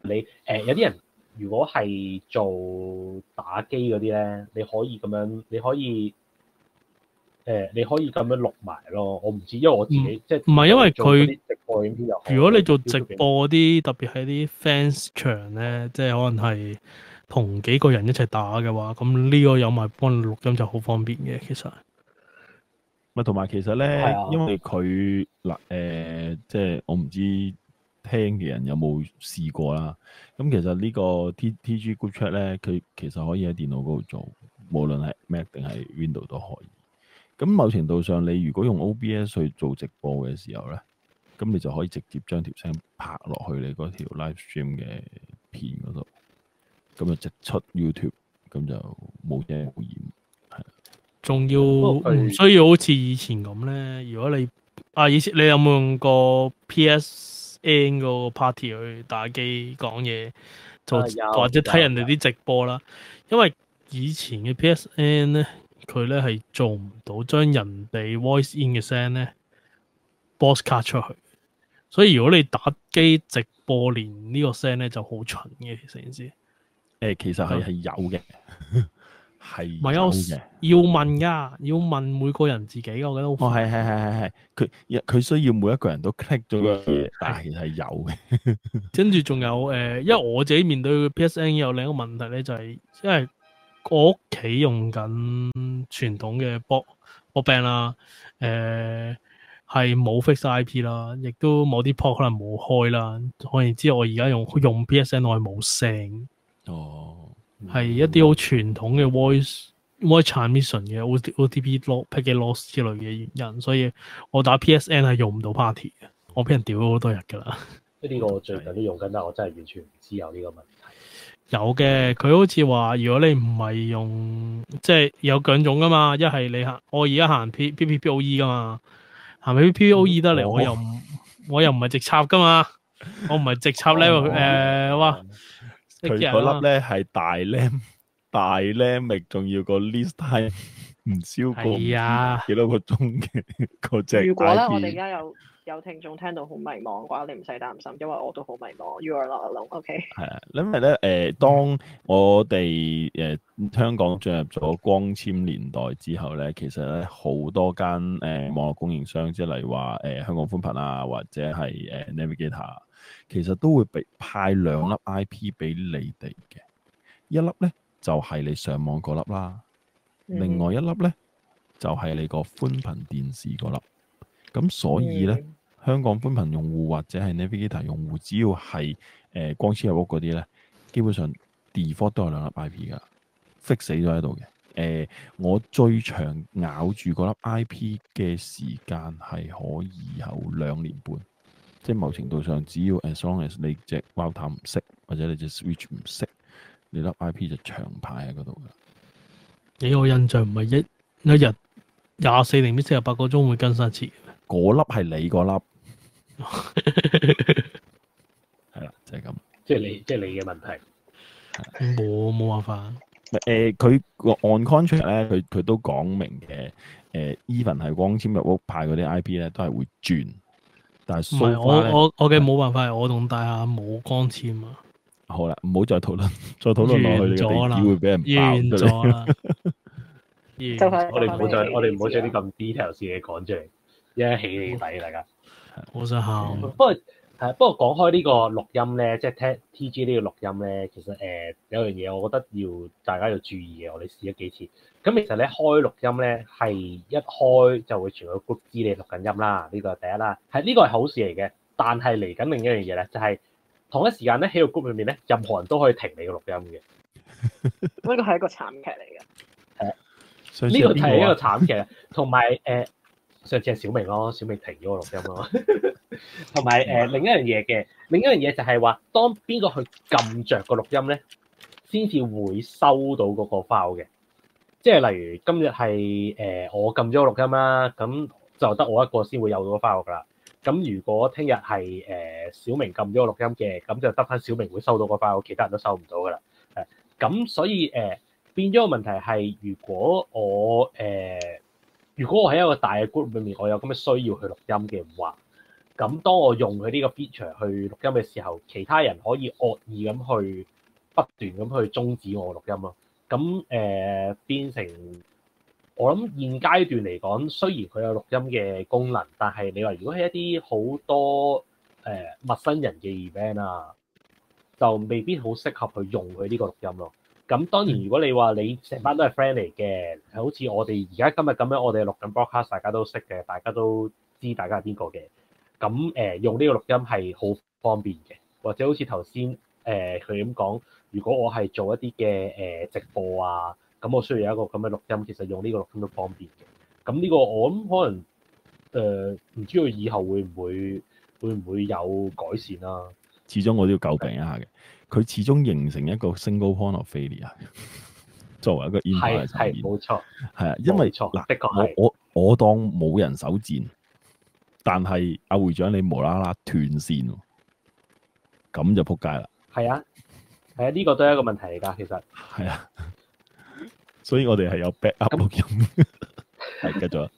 A: 你誒、呃、有啲人如果係做打機嗰啲咧，你可以咁樣你可以。誒，嗯、你可以咁樣錄埋咯，我唔知，因為我自己即係唔係因為佢。如果你做直播
B: 嗰啲，特別係啲 fans 場咧，即係、嗯、可能係同幾個人一齊打嘅話，咁呢個有埋幫你錄音就好方便嘅。其實，
D: 咪同埋其實咧，因為佢嗱誒，即係我唔知聽嘅人有冇試過啦。咁其實呢個 T T G Google Chat 咧，佢其實可以喺電腦嗰度做，無論係 Mac 定係 Window 都可以。咁某程度上，你如果用 OBS 去做直播嘅時候咧，咁你就可以直接將條聲拍落去你嗰條 live stream 嘅片嗰度，咁就直出 YouTube，咁就冇聲污染。
B: 係，仲要唔需要好似以前咁咧？如果你啊，以前你有冇用過 PSN 個 party 去打機講嘢，做、啊、或者睇人哋啲直播啦？因為以前嘅 PSN 咧。佢咧係做唔到將人哋 voice in 嘅聲咧，box card 出去。所以如果你打機直播連呢個聲咧，就好蠢
D: 嘅。成件事誒、欸，其實係係、啊、有嘅，係唔係？我
B: 要問噶，要問每個人自己。我覺得好哦，係係係係係。佢
D: 佢需要每一個人都 click 咗，個但係有
B: 嘅。跟住仲有誒、呃，因為我自己面對 PSN 有另一個問題咧、就係，就係因為。我屋企用緊傳統嘅 box box band 啦，誒係冇 fix IP 啦，亦都某啲 port 可能冇開啦。我知我而家用用 PSN 我係冇聲，係、哦嗯、一啲好傳統嘅 voice、嗯、voice transmission 嘅 O T P loss packet loss 之類嘅原因，所以我打 PSN 係用唔到 party。我俾人屌咗好多日㗎
A: 啦，即係呢個我最近都用緊，但係我真係完全唔知有呢個問題。
B: 有嘅，佢好似話如果你唔係用，即係有兩種噶嘛，一係你行，我而家行 PPPOE 噶嘛，行 PPOE 得嚟、嗯，我又唔，我又唔係 直插噶嘛，我唔係直插 level，誒，哇、嗯，
D: 佢嗰粒咧係大 lam，大 lam 咪仲要個 list time 唔超過幾、啊、多個鐘嘅嗰隻，如果咧我哋而家
C: 有。有聽
D: 眾聽到好迷茫嘅話，你唔使擔心，因為我都好迷茫。You are not alone，OK？Okay. 係啊，因為咧，誒、呃，當我哋誒、呃、香港進入咗光纖年代之後咧，其實咧好多間誒、呃、網絡供應商，即係例如話誒、呃、香港寬頻啊，或者係誒、呃、Navigator，其實都會俾派兩粒 IP 俾你哋嘅。一粒咧就係、是、你上網嗰粒啦，另外一粒咧就係、是、你個寬頻電視嗰粒。嗯咁所以咧，嗯、香港寬頻用戶或者係 Netvigator 用戶，只要係誒、呃、光纖入屋嗰啲咧，基本上 default 都有兩粒 I P 噶 fix 死咗喺度嘅。誒、呃，我最長咬住嗰粒 I P 嘅時間係可以有兩年半，即係某程度上，只要 as long as 你隻 router 唔識或者你隻 switch 唔識，你粒 I P 就長排喺嗰度嘅。你我印
B: 象唔係一一日廿四零點四十八個鐘會更新一次。
D: 我粒係你嗰粒，係啦，就係咁，即係你，即係你嘅
A: 問題，
B: 冇冇辦法。
D: 誒，佢個按 contract 咧，佢佢都講明嘅。誒，even 係光纖入屋派嗰啲 IP 咧，都係會轉，但係唔係我我
B: 我嘅冇辦法，我同大廈冇光纖
D: 啊。好啦，唔好再討論，再討論落去嘅地基會俾人鬧到。完咗啦，我哋唔好再我哋唔好將啲
A: 咁 detail 嘅嘢講出嚟。一起你底，大家。好想喊，不過係不過講開呢個錄音咧，即係聽 T G 呢個錄音咧，其實誒、呃、有樣嘢，我覺得要大家要注意嘅。我哋試咗幾次，咁其實咧開錄音咧係一開就會全部谷知你錄緊音啦。呢個第一啦，係呢個係好事嚟嘅，但係嚟緊另一樣嘢咧，就係同一時間咧喺個 group 裏面咧，任何人都可以停你 個錄音嘅。
C: 呢個係一個慘
D: 劇嚟嘅。呢個係一個
A: 慘劇，同埋誒。呃上次係小明咯，小明停咗個錄音咯， 同埋誒另一樣嘢嘅，另一樣嘢就係話，當邊個去撳着個錄音咧，先至會收到嗰個 file 嘅。即係例如今日係誒、呃、我撳咗個錄音啦，咁就得我一個先會有到個 file 㗎啦。咁如果聽日係誒小明撳咗個錄音嘅，咁就得返小明會收到個 file，其他人都收唔到㗎啦。誒、呃，咁所以誒、呃、變咗個問題係，如果我誒。呃如果我喺一個大嘅 group 裏面，我有咁嘅需要去錄音嘅話，咁當我用佢呢個 feature 去錄音嘅時候，其他人可以惡意咁去不斷咁去中止我錄音咯。咁誒、呃、變成我諗現階段嚟講，雖然佢有錄音嘅功能，但係你話如果係一啲好多誒、呃、陌生人嘅 event 啊，就未必好適合去用佢呢個錄音咯。咁當然，嗯、如果你話你成班都係 friend 嚟嘅，好似我哋而家今日咁樣，我哋錄緊 broadcast，大家都識嘅，大家都知大家係邊個嘅。咁誒、呃，用呢個錄音係好方便嘅，或者好似頭先誒佢咁講，如果我係做一啲嘅誒直播啊，咁我需要有一個咁嘅錄音，其實用呢個錄音都方便嘅。咁呢個我諗可能誒，唔、呃、知道以後會唔會會唔會有改善啦、
D: 啊。始終我都要校訂一下嘅。佢始終形成一個 single point of failure，作為一個 input 係冇錯。係啊天，錯因為嗱，我我我當冇人手戰，但係阿、啊、會長你無啦啦斷線，咁就仆街啦。
A: 係啊，係啊，呢、這個都係一個問題嚟㗎。其實
D: 係啊，所以我哋係有 back up 咁、嗯。係、嗯、 繼續啊，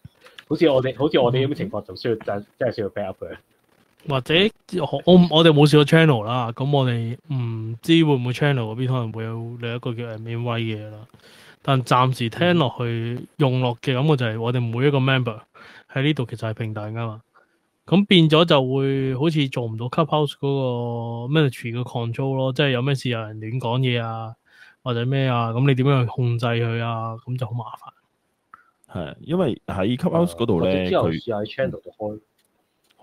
A: 好似我哋好似我哋咁嘅情況，仲需要真真係需要 back up 佢。
B: 或者我我哋冇試過 channel 啦，咁我哋唔知會唔會 channel 嗰邊可能會有另一個叫 m e m b 嘅啦。但暫時聽落去用落嘅感覺就係我哋每一個 member 喺呢度其實係平等噶嘛。咁變咗就會好似做唔到 Clubhouse 嗰個 m i n i g e r y 嘅 control 咯，即係有咩事有人亂講嘢啊，或者咩啊，咁你點樣去控制佢啊？咁就好麻煩。
D: 係，因為喺 Clubhouse 嗰度咧，呃、之後試喺 channel 度開、嗯。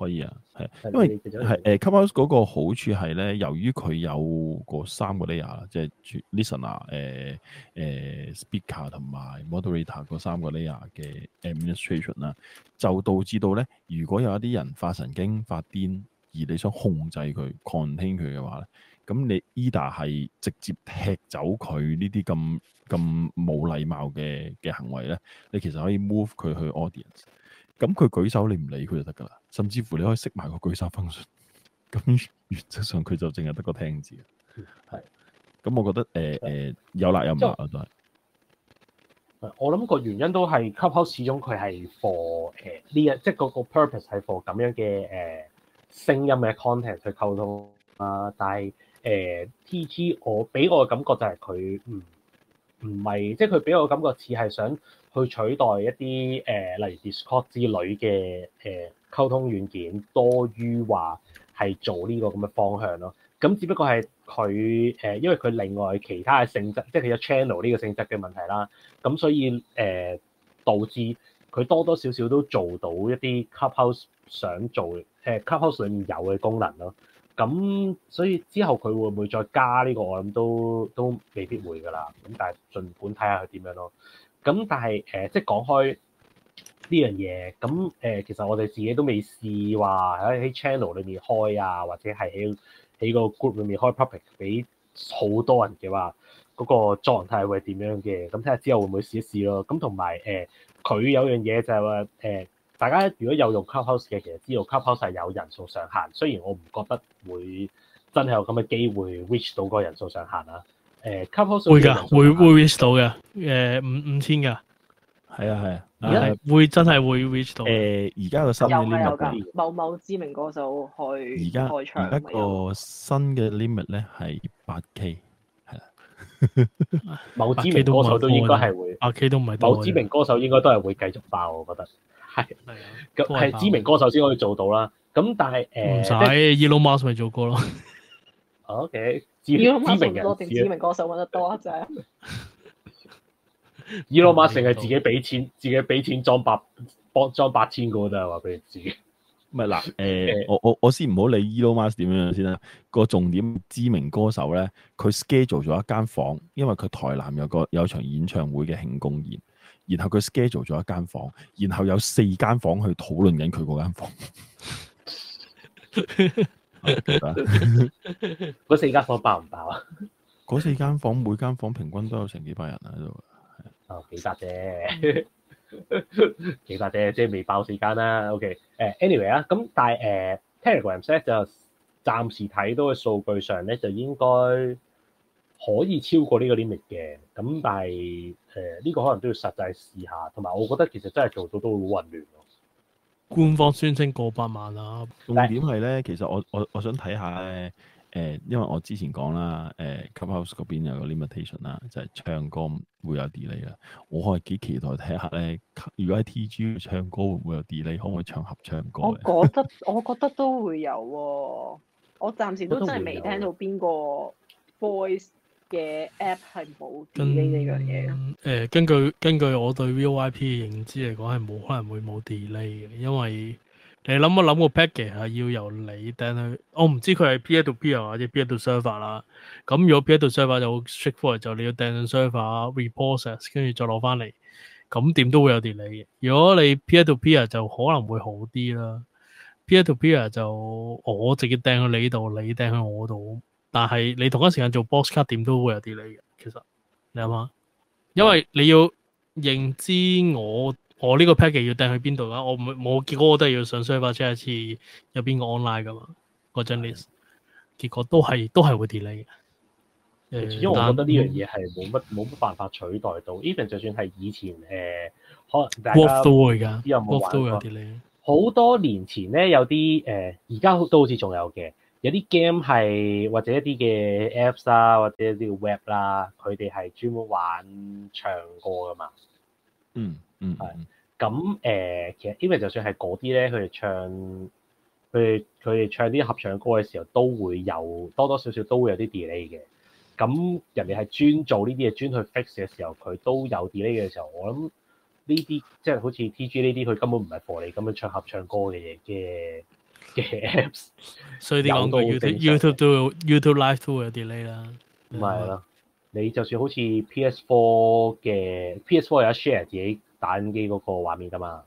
D: 可以啊，係，因為係誒、啊、Clubhouse 嗰、um、個好處係咧，由於佢有個三個 layer，即係 listener、誒、就、誒、是、speaker 同埋、呃呃、moderator 嗰三個 layer 嘅 administration 啦，就導致到咧，如果有一啲人發神經、發癲，而你想控制佢、控聽佢嘅話咧，咁你 e d a 係直接踢走佢呢啲咁咁冇禮貌嘅嘅行為咧，你其實可以 move 佢去 audience。咁佢舉手，你唔理佢就得噶啦。甚至乎你可以識埋個舉手分數。咁 原則上佢就淨係得個聽字。係是。咁我覺得誒誒有辣有唔辣都係。以我諗、就、個、是、
A: 原因都係 Clubhouse 始終佢係 for 誒呢一即係嗰個 purpose 係 for 咁樣嘅誒、呃、聲音嘅 content 去溝通啊。但係誒、呃、T G 我俾我嘅感覺就係佢唔唔係，即係佢俾我感覺似係想去取代一啲誒、呃，例如 Discord 之類嘅誒、呃、溝通軟件，多於話係做呢個咁嘅方向咯。咁只不過係佢誒，因為佢另外其他嘅性質，即係佢有 channel 呢個性質嘅問題啦。咁所以誒、呃，導致佢多多少少都做到一啲 Clubhouse 想做誒、呃、Clubhouse 裏面有嘅功能咯。咁所以之後佢會唔會再加呢、呢個？我諗都都未必會㗎啦。咁但係儘管睇下佢點樣咯。咁、嗯、但係誒、呃，即係講開呢樣嘢，咁、嗯、誒、呃，其實我哋自己都未試話喺喺 channel 裏面開啊，或者係喺喺個 group 裏面開 public 俾好多人嘅話，嗰、那個狀態會係點樣嘅？咁睇下之後會唔會試一試咯。咁同埋誒，佢有樣嘢、呃、就係話誒，大家如果有用 Clubhouse 嘅，其實知道 Clubhouse 係有人數上限，雖然我唔覺得會真係有咁嘅機會 reach 到嗰個人數上限啊。
B: 誒 c o 會噶，會會 reach 到嘅，誒五五千噶，係啊
D: 係啊，係會真係會 reach 到。誒，而家嘅新嘅
C: 某某知名歌手去而家而家
D: 個新嘅 limit 咧係八 k 係，某知名歌手都應該係會八 k
A: 都唔係多，某知名歌手應該都係會繼續爆，我覺得係係啊，咁係知名歌手先可以做到啦。咁但係誒，唔使
B: Yellow Mouse 咪做歌咯。
A: OK。知名人，知名歌
C: 手
A: 揾得多啊！真係。伊 l o 成日自己俾錢，自己俾錢裝百博，裝八千個，就係話俾你知。
D: 唔係嗱，誒，我我我先唔好理伊 l o n m u 點樣先啦。個重點知名歌手咧，佢 schedule 咗一間房，因為佢台南有個有場演唱會嘅慶功宴，然後佢 schedule 咗一間房，然後有四間房去討論緊佢嗰間房。
A: 嗰 四間房間爆唔爆啊？
D: 嗰 四間房間每間房間平均都有成幾百人喺度，
A: 哦幾百啫，幾百啫， 即係未爆四間啦。OK，誒，anyway 啊，咁、呃、但係誒 Telegram set 就暫時睇到嘅數據上咧就應該可以超過呢個 limit 嘅，咁但係誒呢個可能都要實際試下，同埋我覺得其實真係做到都好混亂。
D: 官方宣稱過百萬啦、啊，但重點係咧，其實我我我想睇下咧，誒、呃、因為我之前講啦，誒 Clubhouse 邊有個 limitation 啦，就係唱歌會有 delay 啦。我係幾期待聽下咧，如果喺 TG 唱歌會唔會有 delay，可唔可以唱合唱歌 我
C: 覺得我覺得都會有喎、哦，我暫時都真係未聽到邊個 voice。嘅 app
B: 係冇 delay 呢樣嘢咯。根據根據我對 V O I P 嘅認知嚟講，係冇可能會冇 delay 嘅。因為你諗一諗個 packet 係要由你掟去，我、哦、唔知佢係 peer 到 peer 或者 peer、er、到 server 啦。咁、嗯、如果 peer、er、到 server 就好 straightforward，就你要掟去 server 啊，resources，跟住再攞翻嚟，咁點都會有 delay 嘅。如果你 peer 到 peer 就可能會好啲啦。peer 到 peer 就我直接掟去你度，你掟去我度。但係你同一時間做 box card 點都會有 delay 嘅，其實你諗下，因為你要認知我我呢個 package 要掟去邊度啦，我冇冇結果我都係要上 server check 一次有邊個 online 噶嘛張 list，結果都係都係會 delay 嘅。
A: 誒，主要我覺得呢樣嘢係冇乜冇乜辦法取代到。Even 就算係以前誒、呃，可能 work 都會㗎 work 都會有啲 delay 好多年前咧有啲誒，而、呃、家都好似仲有嘅。有啲 game 係或者一啲嘅 apps 啊，或者啲 web 啦、啊，佢哋係專門玩唱歌噶嘛。嗯嗯，
D: 係、嗯。
A: 咁、嗯、誒、呃，其實因為就算係嗰啲咧，佢哋唱，佢哋佢哋唱啲合唱歌嘅時候，都會有多多少少都會有啲 delay 嘅。咁人哋係專做呢啲嘢，專去 fix 嘅時候，佢都有 delay 嘅時候，我諗呢啲即係好似 TG 呢啲，佢根本唔係 for 你咁樣唱合唱歌嘅嘢嘅。嘅 apps，所以啲講嗰 YouTube
B: 都 YouTube, YouTube Live 都會有 delay 啦。
A: 唔係啦，你就算好似 PS4 嘅 PS4 有 share 自己打印機嗰個畫面噶嘛，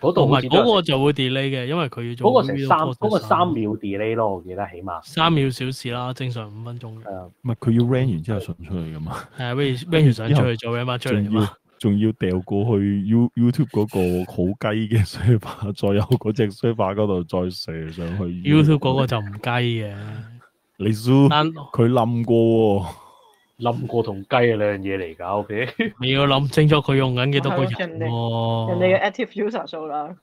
A: 嗰度同埋嗰個
B: 就會 delay 嘅，因為佢要做嗰個
A: 三秒 delay 咯，我記得起碼
B: 三秒少少啦，正常五分鐘。誒
D: ，uh，唔係佢要 rain 完之後順出嚟噶嘛。
B: 係啊，比如 rain 完順出去再搵埋出嚟嘛。
D: 仲要掉過去 You YouTube 嗰個好雞嘅沙發， 再有嗰隻沙發嗰度再射上去。
B: YouTube 嗰個就唔雞嘅，
D: 你輸說。佢冧但過，
A: 冧過同雞係兩樣嘢嚟噶。OK，
B: 你要諗清楚佢用緊幾多個人力，啊，人哋嘅
C: Active User 數量？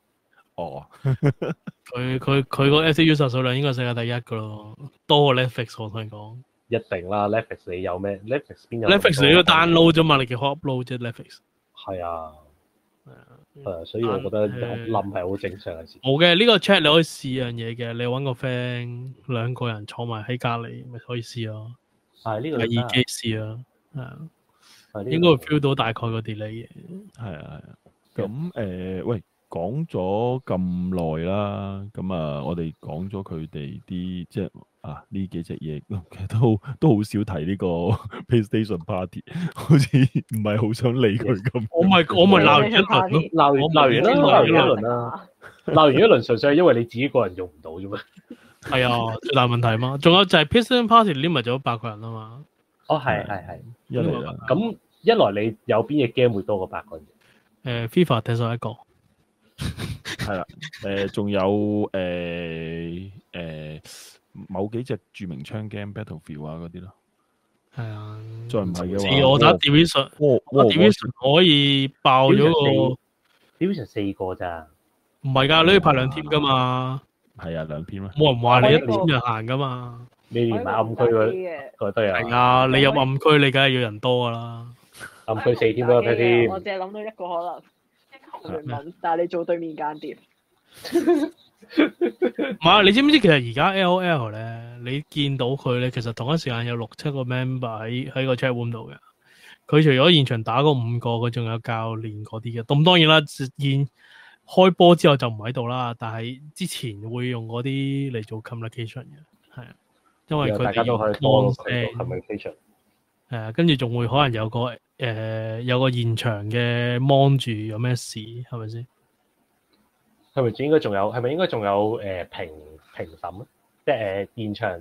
C: 哦，
A: 佢
B: 佢佢個 Active User 數量應該世界第一噶咯，多過 Netflix 我同你講。
A: 一定啦，Netflix 你有咩？Netflix 邊有？Netflix 你個 download
B: 啫嘛，你叫 upload 啫。Netflix 係啊，
A: 係啊，所以我覺得冧係好正常嘅
B: 事。好嘅，呢個 check 你可以試樣嘢嘅，你搵個 friend，兩個人坐埋喺隔籬，咪可以試咯。係呢個耳機試咯，係啊，應該會 feel 到大概個 delay
D: 係啊，係啊，咁誒，喂，講咗咁耐啦，咁啊，我哋講咗佢哋啲即係。啊！呢幾隻嘢其實都都好少提呢個 PlayStation Party，好似唔係好想理佢咁。我咪我咪鬧完一輪，鬧完
A: 鬧完鬧完一輪啦。鬧完一輪純粹係
D: 因為你自己個
A: 人用唔到啫
B: 嘛。係啊，最大問題嘛。仲有就係 PlayStation Party limit 咗八個人啊嘛。
A: 哦，係係係，一來咁一來你有邊嘢 game 會多過八個
B: 人？誒，FIFA 睇上一個
D: 係啦。誒，仲有誒誒。某幾隻著名槍 game Battlefield 啊嗰啲咯，係啊，再唔係嘅話，我打 division，我 division 可以爆
A: 咗個 division 四個咋，
B: 唔係㗎，你要排兩 team 㗎嘛，係啊，兩 team 啦，冇人話你一 team 就行㗎嘛，
A: 你連埋暗區嗰嗰都係，
B: 係啊，你入暗區你梗係要人多㗎啦，暗區四 team 都得添，我只係諗到一
C: 個可能，冠軍，但係你做對面間諜。
B: 唔係， 你知唔知其實而家 L.O.L 咧，你見到佢咧，其實同一時間有六七個 member 喺喺個 chatroom 度嘅。佢除咗現場打嗰五個，佢仲有教練嗰啲嘅。咁當然啦，現開波之後就唔喺度啦。但係之前會用嗰啲嚟做 communication 嘅，係啊，因為佢哋幫誒
A: communication。
B: 誒，跟住仲會可能有個誒、呃、有個現場嘅望住有咩事，係咪先？
A: 係咪應該仲有？係咪應該仲有誒、呃、評評審啊？即係、呃、現場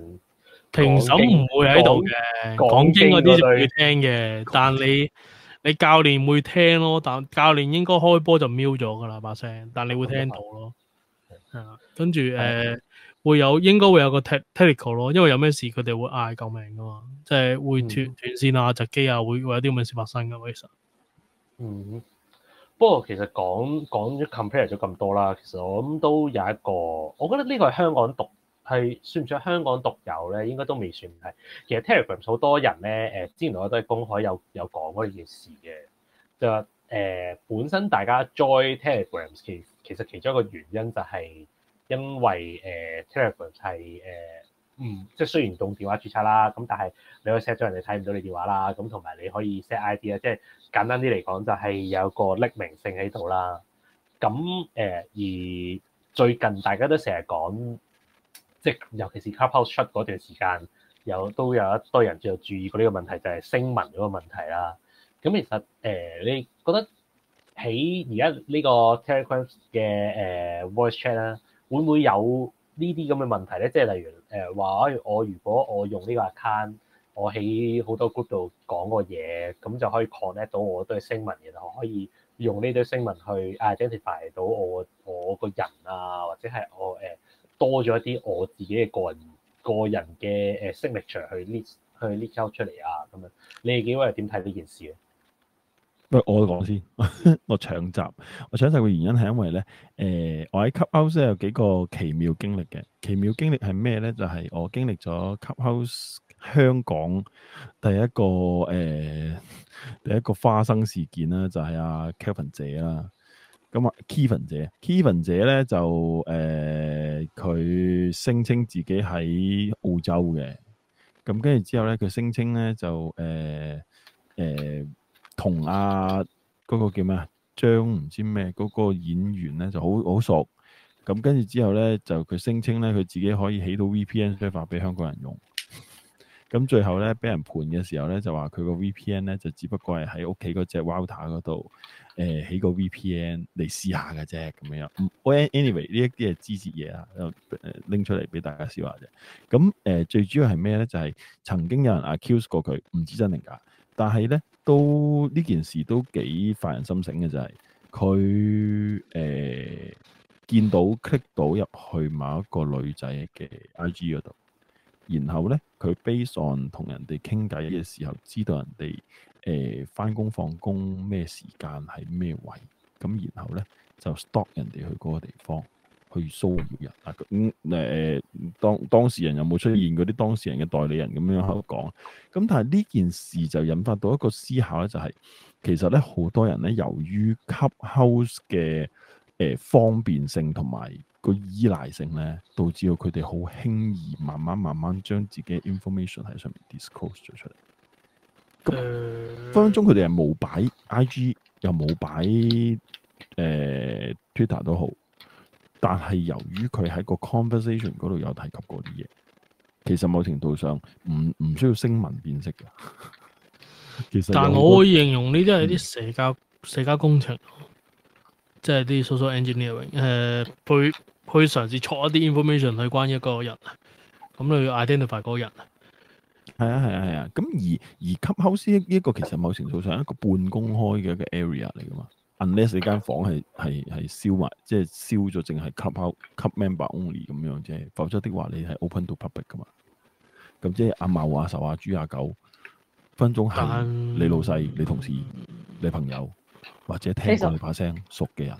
A: 評審唔會喺度嘅，講經嗰啲就會
B: 聽嘅。但你你教練會聽咯，但教練應該開波就瞄咗㗎啦，把聲。但你會聽到咯，係啦。跟住誒會有應該會有個 technical 咯，因為有咩事佢哋會嗌救命㗎嘛，即係會斷斷線啊、窒機啊，會有啲咁嘅事發生㗎。其實，嗯。嗯
A: 嗯。不過其實講講 compare 咗咁多啦，其實我諗都有一個，我覺得呢個係香港獨係算唔算香港獨有咧？應該都未算係。其實 Telegram 好多人咧，誒之前我都喺公海有有講過呢件事嘅，就誒、呃、本身大家 join Telegram 其實其實其中一個原因就係因為誒 Telegram 係誒。呃嗯，即係雖然用電話註冊啦，咁但係你可以 set 咗人哋睇唔到你電話啦，咁同埋你可以 set ID 啊，即係簡單啲嚟講就係有個匿名性喺度啦。咁誒、呃，而最近大家都成日講，即係尤其是 Clubhouse shut 嗰段時間，有都有一堆人就注意過呢個問題，就係、是、聲紋嗰個問題啦。咁其實誒、呃，你覺得喺而家呢個 Telegram 嘅誒、呃、voice chat 咧，會唔會有？呢啲咁嘅問題咧，即係例如誒話，呃、我如果我用呢個 account，我喺好多 group 度講過嘢，咁就可以 connect 到我對聲紋。然後可以用呢堆聲紋去 identify 到我我個人啊，或者係我誒、呃、多咗一啲我自己嘅個人個人嘅誒 signature 去 list 去 list out 出嚟啊，咁樣你哋幾位係點睇呢件事咧？
D: 唔，不如我講先。 我搶集，我搶集嘅原因係因為咧，誒、呃，我喺 Clubhouse 有幾個奇妙經歷嘅。奇妙經歷係咩咧？就係、是、我經歷咗 Clubhouse 香港第一個誒、呃、第一個花生事件啦，就係阿 Kevin 姐啦。咁啊，Kevin 姐啊，Kevin 姐咧就誒，佢、呃、聲稱自己喺澳洲嘅。咁跟住之後咧，佢聲稱咧就誒誒。呃呃同阿嗰個叫咩張唔知咩嗰個演員咧就好好熟，咁跟住之後咧就佢聲稱咧佢自己可以起到 VPN service 俾香港人用，咁最後咧俾人盤嘅時候咧就話佢個 VPN 咧就只不過係喺屋企嗰隻 Router 嗰度誒起個 VPN 嚟試下嘅啫咁樣。Anyway 呢一啲係枝節嘢啊，誒拎出嚟俾大家笑下啫。咁誒、呃、最主要係咩咧？就係、是、曾經有人 accuse 過佢，唔知真定假，但係咧。都呢件事都幾發人心省嘅就係佢誒見到 click 到入去某一個女仔嘅 IG 度，然後咧佢 based on 同人哋傾偈嘅時候知道人哋誒翻工、放工咩時間係咩位，咁然後咧就 stop 人哋去個地方。去騷擾人啊，咁誒，當當事人有冇出現？嗰啲當事人嘅代理人咁樣喺度講。咁但係呢件事就引發到一個思考咧、就係，就係其實咧，好多人咧，由於吸 house 嘅誒、呃、方便性同埋個依賴性咧，導致到佢哋好輕易慢慢慢慢將自己 information 喺上面 disclose 咗出嚟。咁分分鐘佢哋係冇擺 IG，又冇擺誒 Twitter 都好。但係由於佢喺個 conversation 嗰度有提及過啲嘢，其實某程度上唔唔需要聲紋辨識嘅。其實，但係我可
B: 以形容呢啲係啲社交、嗯、社交工程，即係啲 social engineering、呃。誒，去去嘗試撮一啲 information 去關一個人，咁要 identify 嗰個人。
D: 係啊係啊係啊！咁、啊啊、而而後 post 呢一個其實某程度上係一個半公開嘅一個 area 嚟㗎嘛。Unless 你間房係係係燒埋，即、就、係、是、燒咗，淨係 club club member only 咁樣啫，否則的話你係 open to public 噶嘛。咁即係阿茂阿壽阿豬阿狗分分鐘係你老細、嗯、你同事、你朋友或者聽過你把聲熟嘅人。
B: 誒、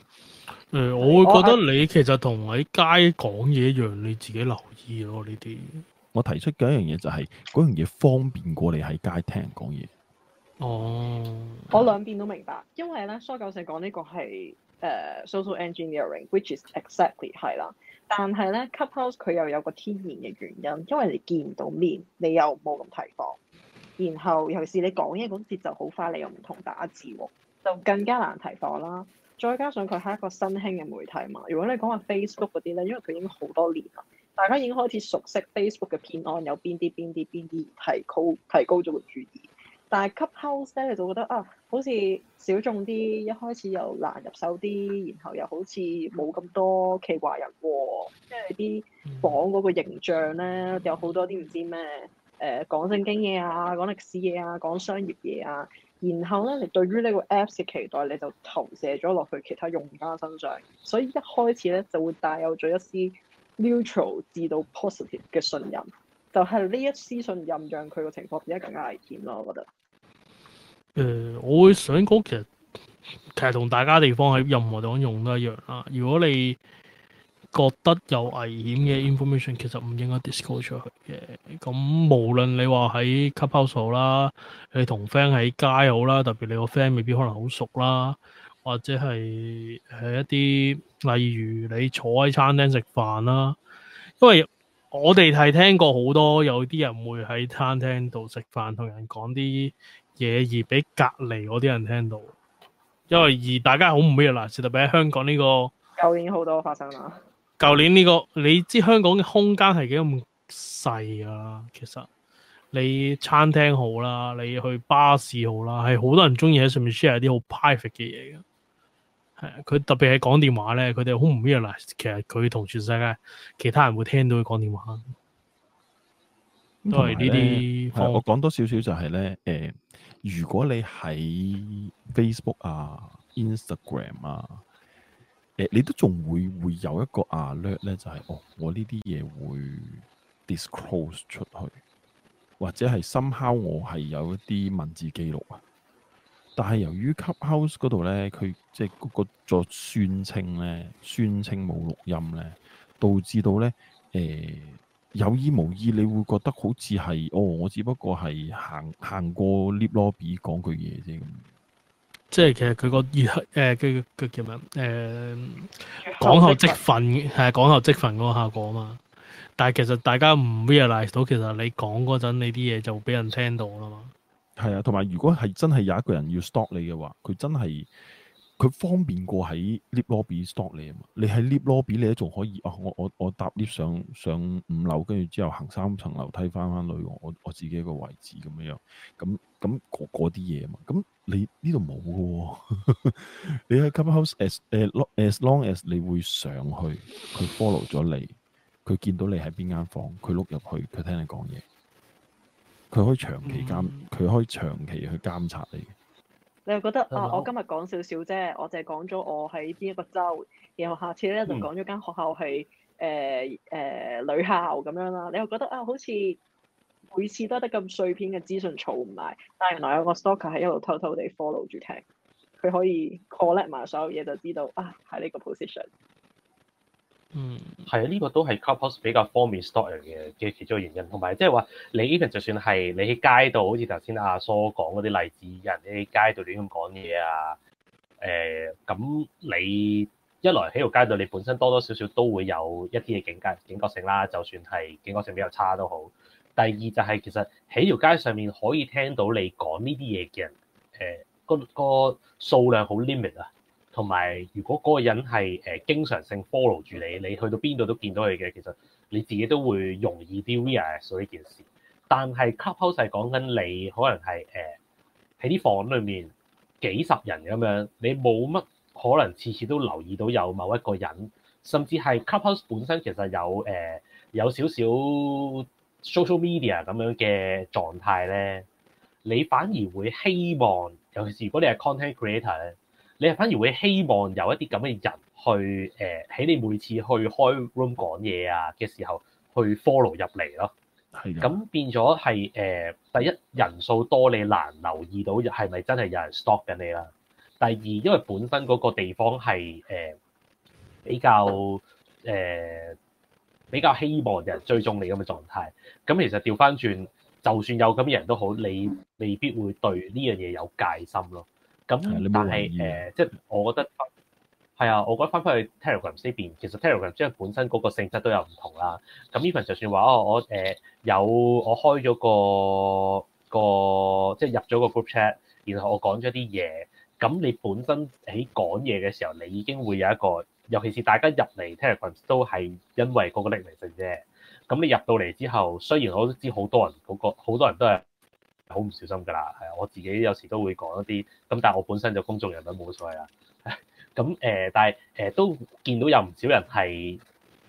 B: 嗯，我會覺得你其實同喺街講嘢一樣，你自己留意咯呢啲。
D: 我提出嘅一樣嘢就係嗰樣嘢方便過你喺街聽人講嘢。哦，oh。
C: 我兩邊都明白，因為咧蘇九成講呢個係誒、uh, social engineering，which is exactly 係、right，啦。但係咧，Clubhouse 佢又有個天然嘅原因，因為你見唔到面，你又冇咁提防。然後尤其是你講嘢嗰節奏好快，你又唔同打字，就更加難提防啦。再加上佢係一個新興嘅媒體嘛。如果你講話 Facebook 嗰啲咧，因為佢已經好多年啦，大家已經開始熟悉 Facebook 嘅騙案，有邊啲邊啲邊啲提高提高咗個注意。但係 Clubhouse 咧，你就覺得啊，好似少眾啲，一開始又難入手啲，然後又好似冇咁多奇怪人喎，即係啲房嗰個形象咧，有好多啲唔知咩誒、呃、講正經嘢啊，講歷史嘢啊，講商業嘢啊，然後咧你對於呢個 apps 嘅期待，你就投射咗落去其他用家身上，所以一開始咧就會帶有咗一絲 neutral 至到 positive 嘅信任，就係、是、呢一絲信任讓佢個情況變得更加危險咯，我覺得。
B: 誒，uh，我會想講，其實其實同大家地方喺任何地方用都一樣啦。如果你覺得有危險嘅 information，其實唔應該 disclose 出去嘅。咁無論你話喺 capsule 啦，你同 friend 喺街好啦，特別你個 friend 未必可能好熟啦，或者係係一啲例如你坐喺餐廳食飯啦，因為我哋係聽過好多有啲人會喺餐廳度食飯同人講啲嘢而俾隔離嗰啲人聽到，因為而大家好唔 realize，特別喺香港呢個。
C: 舊年好多發生啦。
B: 舊年呢個，你知香港嘅空間係幾咁細㗎？其實你餐廳好啦，你去巴士好啦，係好多人中意喺上面 share 啲好 private 嘅嘢嘅。係啊，佢特別係講電話咧，佢哋好唔 realize，其實佢同全世界其他人會聽到佢講電話。都係呢啲。我
D: 講多少少就係咧，誒。如果你喺 Facebook 啊、Instagram 啊，呃、你都仲會會有一個 alert 咧，就係、是、哦，我呢啲嘢會 disclose 出去，或者係深敲我係有一啲文字記錄啊。但係由於 cap house 嗰度呢，佢即係嗰、那個作宣稱呢，宣稱冇錄音呢，導致到呢誒。呃有意無意，你會覺得好似係哦，我只不過係行行過 lift lobby 講句嘢啫。即
B: 係其實佢個熱誒嘅嘅叫咩誒講後即焚係講後即焚嗰個效果啊嘛。但係其實大家唔 realize 到，其實你講嗰陣你啲嘢就俾人聽到啦
D: 嘛。係啊，同埋如果係真係有一個人要 stop 你嘅話，佢真係。佢方便過喺 lift lobby stop 你啊嘛，你喺 lift lobby 你都仲可以啊，我我我搭 lift 上上五樓，跟住之後行三層樓梯翻翻去我我自己一個位置咁樣樣，咁咁嗰啲嘢啊嘛，咁你呢度冇嘅喎，哦、 你喺 clubhouse as as as long as 你會上去，佢 follow 咗你，佢見到你喺邊間房，佢碌入去，佢聽你講嘢，佢可以長期監，佢、嗯、可以長期去監察你。
C: 你又覺得啊，我今日講少少啫，我淨係講咗我喺邊一個州，然後下次咧就講咗間學校係誒誒女校咁樣啦。你又覺得啊，好似每次都得咁碎片嘅資訊湊唔埋，但係原來有個 stalker 係一路偷偷地 follow 住聽，佢可以 collect 埋所有嘢就知道啊喺呢個 position。
A: 嗯，係啊，呢、呢個都係 corpus 比較方便 store 嘅嘅其中原因，同埋即係話你 even 就算係你喺街度，好似頭先阿蘇講嗰啲例子，人人喺街度亂咁講嘢啊，誒、呃，咁你一來喺條街度，你本身多多少少都會有一啲嘅警戒警覺性啦，就算係警覺性比較差都好。第二就係其實喺條街上面可以聽到你講呢啲嘢嘅人，誒、呃，個、個數量好 limit 啊。同埋，如果嗰個人係誒、呃、經常性 follow 住你，你去到邊度都見到佢嘅，其實你自己都會容易啲 v i e w e t s 呢件事。但係 clubhouse 講緊你可能係誒喺啲房裏面幾十人咁樣，你冇乜可能次次都留意到有某一個人，甚至係 clubhouse 本身其實有誒、呃、有少少 social media 咁樣嘅狀態咧，你反而會希望，尤其是如果你係 content creator 咧。你係反而會希望有一啲咁嘅人去誒喺、呃、你每次去開 room 講嘢啊嘅時候去 follow 入嚟咯，咁的變咗係誒第一，人數多，你難留意到係咪真係有人 stalk 緊你啦。第二，因為本身嗰個地方係誒、呃、比較誒、呃、比較希望有人追蹤你咁嘅狀態，咁其實調翻轉，就算有咁嘅人都好，你未必會對呢樣嘢有戒心咯。咁，但係誒、呃，即係我覺得，係啊，我覺得翻返去 Telegram 呢邊，其實 Telegram 因為本身嗰個性質都有唔同啦。咁 Even 就算話哦，我誒、呃、有我開咗個個即係入咗個 group chat，然後我講咗啲嘢。咁你本身喺講嘢嘅時候，你已經會有一個，尤其是大家入嚟 Telegram 都係因為嗰個匿名性啫。咁你入到嚟之後，雖然我都知好多人嗰好多人都係。好唔小心噶啦，係啊！我自己有時都會講一啲咁，但係我本身就公眾人物冇所謂啦。咁誒、呃，但係誒、呃、都見到有唔少人係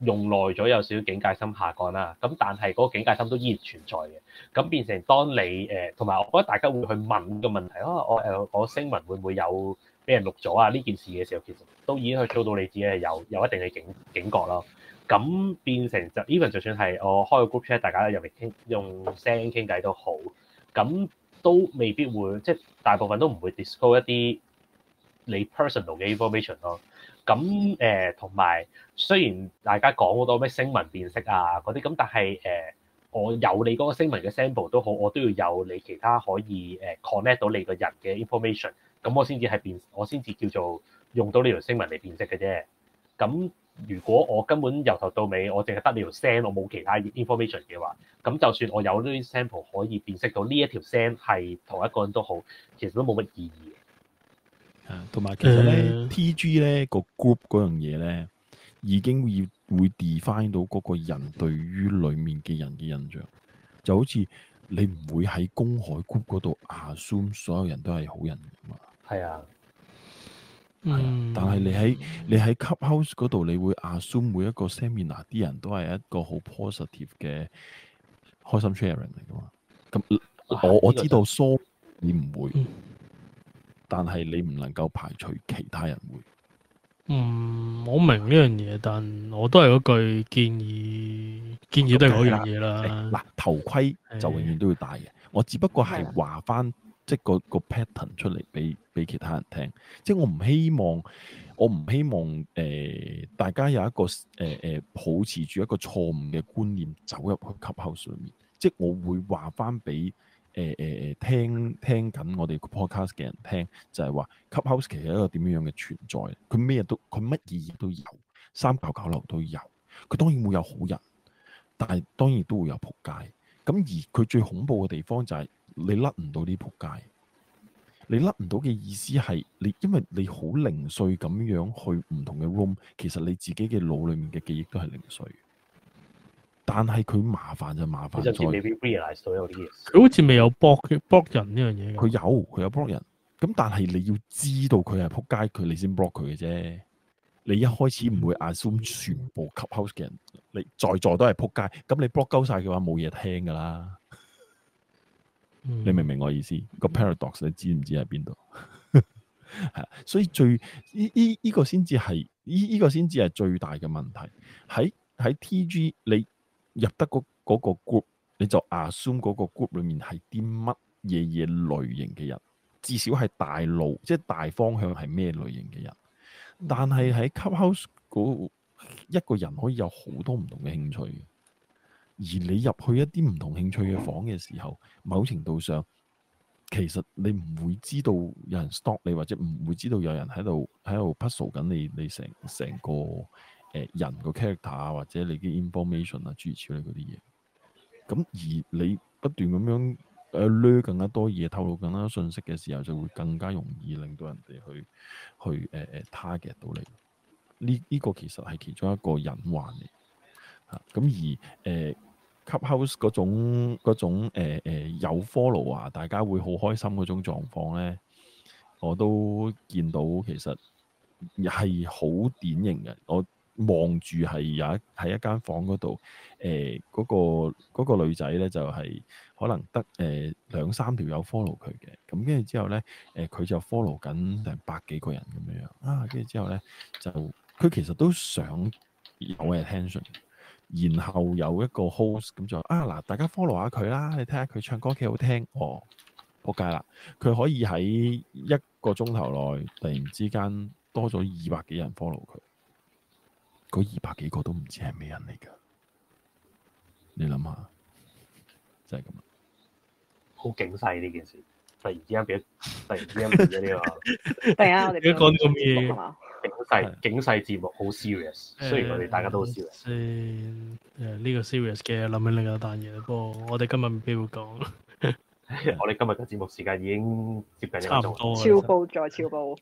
A: 用耐咗，有少少警戒心下降啦。咁但係嗰個警戒心都依然存在嘅。咁變成當你誒同埋，呃、我覺得大家會去問嘅問題哦、啊，我誒、呃、我聲紋會唔會有俾人錄咗啊？呢件事嘅時候，其實都已經去做到你自己有有一定嘅警警覺咯。咁變成就，even 就算係我開個 group chat，大家入嚟傾用聲傾偈都好。咁都未必會，即係大部分都唔會 disclose 一啲你 personal 嘅 information 咯。咁誒，同、呃、埋雖然大家講好多咩聲紋辨識啊嗰啲，咁但係誒、呃，我有你嗰個聲紋嘅 sample 都好，我都要有你其他可以誒 connect 到你個人嘅 information，咁我先至係辨，我先至叫做用到呢條聲紋嚟辨識嘅啫。咁。如果我根本由頭到尾我淨係得你條聲，我冇其他 information 嘅話，咁就算我有呢啲 sample 可以辨識到呢一條聲係同一個人都好，其實都冇乜意義。啊，
D: 同埋其實咧，T G 咧個 group 嗰樣嘢咧，已經要會 define 到嗰個人對於裡面嘅人嘅印象，就好似你唔會喺公海 group 嗰度 assume 所有人都係好人㗎嘛。係啊。嗯、但係你喺你喺 Clubhouse 嗰度，你會 assume 每一個 seminar 啲人都係一個好 positive 嘅開心 sharing 嚟噶嘛？咁我我知道疏，嗯、你唔會，但係你唔能夠排除其他人會。
B: 嗯，我明呢樣嘢，但我都係嗰句建議，嗯、
D: 建議都係嗰樣嘢啦。嗱、欸，頭盔就永遠都要戴嘅，欸、我只不過係話翻。即係個個 pattern 出嚟俾俾其他人聽，即係我唔希望，我唔希望誒、呃、大家有一個誒誒、呃、保持住一個錯誤嘅觀念走入去吸口裏面。即係我會話翻俾誒誒聽聽緊我哋 podcast 嘅人聽，就係話吸口其實一個點樣樣嘅存在，佢咩都佢乜意義都有，三教九流都有。佢當然會有好人，但係當然都會有仆街。咁而佢最恐怖嘅地方就係、是。你甩唔到啲仆街，你甩唔到嘅意思係你，因為你好零碎咁樣去唔同嘅 room，其實你自己嘅腦裏面嘅記憶都係零碎。但係佢麻煩就麻煩，佢好似
A: 未有 realise 到有
D: 呢樣嘢。佢好似未有 block 嘅 block 人呢樣嘢。佢 有佢有 block 人，咁但係你要知道佢係仆街，佢你先 block 佢嘅啫。你一開始唔會 assume 全部 Clubhouse 嘅人，你在座都係仆街，咁你 block 鳩晒嘅話，冇嘢聽噶啦。你明唔明我意思？個 paradox 你知唔知喺邊度？係， 所以最呢呢呢個先至係呢呢個先至係最大嘅問題。喺喺 TG 你入得嗰嗰個 group，你就 assume 嗰個 group 裏面係啲乜嘢嘢類型嘅人，至少係大路，即係大方向係咩類型嘅人。但係喺 Clubhouse 一個人可以有好多唔同嘅興趣。而你入去一啲唔同興趣嘅房嘅時候，某程度上其實你唔會知道有人 stop 你，或者唔會知道有人喺度喺度 puzzle 緊你，你成成個誒、呃、人個 character 啊，或者你嘅 information 啊、諸如此類嗰啲嘢。咁而你不斷咁樣誒、呃、leak 更加多嘢，透露更加多信息嘅時候，就會更加容易令到人哋去去誒誒、呃呃、target 到你。呢呢、呢個其實係其中一個隱患嚟，嚇、啊、咁而誒。呃吸 house 嗰種嗰種、呃呃、有 follow 啊，大家會好開心嗰種狀況咧，我都見到其實係好典型嘅。我望住係有一喺一間房嗰度，誒、呃、嗰、嗰個嗰個女仔咧就係、係、可能得誒兩三條友 follow 佢嘅，咁跟住之後咧誒佢就 follow 緊成百幾個人咁樣樣啊，跟住之後咧就佢其實都想有 attention。然後有一個 host 咁就啊嗱，大家 follow 下佢啦，你睇下佢唱歌幾好聽哦，撲街啦！佢可以喺一個鐘頭內突然之間多咗二百幾人 follow 佢，嗰二百幾個都唔知係咩人嚟㗎，你諗下，真係咁啊！
A: 好驚世呢件事，突然之間畀，突然之間畀咗呢個，係啊， 我哋講啲咁嘅警世警世，節目好 serious，雖然我哋大家都
B: serious。先、欸、誒，呢、這個 serious 嘅，諗起另一單嘢啦。不過我哋今日唔俾到夠，
A: 我哋今日嘅節目時間已經接近一
C: 個鐘。差唔多，
A: 超爆再超爆。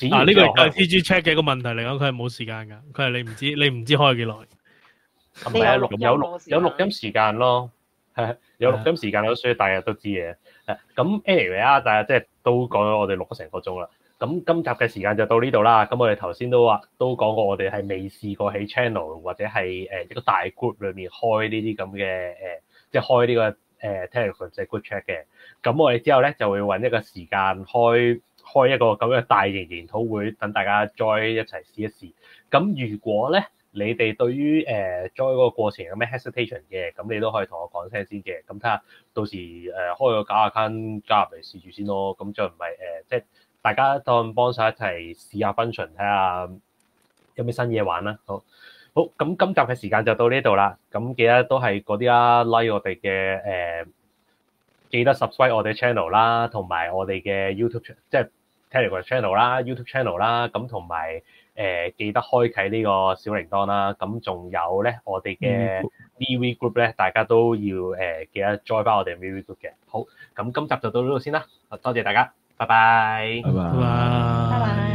A: 嗱，呢
B: 個係 C G check 嘅一個問題嚟噶，佢係冇時間噶，佢係你唔知，你唔知開幾耐。唔係 啊，錄、啊、有錄
A: 有錄音時間咯，係 有錄音時間，所以大家都知嘅。咁 Ariel 啊，大家、 啊嗯 啊、即係都講咗，我哋錄咗成個鐘啦。咁今集嘅時間就到呢度啦。咁我哋頭先都話，都講過我哋係未試過喺 channel 或者係誒一個大 group 裏面開呢啲咁嘅誒，即係開呢、呢個誒 Telegram 即係 Group Chat 嘅。咁、呃、我哋之後咧就會揾一個時間開開一個咁樣大型研討會，等大家再一齊試一試。咁如果咧你哋對於誒 join 嗰個過程有咩 hesitation 嘅，咁你都可以同我講聲先嘅。咁睇下到時誒開個假 account 加入嚟試住先咯。咁再唔係誒即係。大家當幫手一齊試一下 function 睇下有咩新嘢玩啦。好好，咁今集嘅時間就到呢度啦。咁記得都係嗰啲啦，like 我哋嘅誒，記得 subscribe 我哋 channel 啦，同埋我哋嘅 YouTube 即係 Telegram channel 啦、YouTube channel 啦。咁同埋誒記得開啟呢個小鈴鐺啦。咁仲有咧，我哋嘅 V V Group 咧，大家都要誒、呃、記得 join 翻我哋 V V Group 嘅。好，咁今集就到呢度先啦。多謝大家。拜拜，拜拜。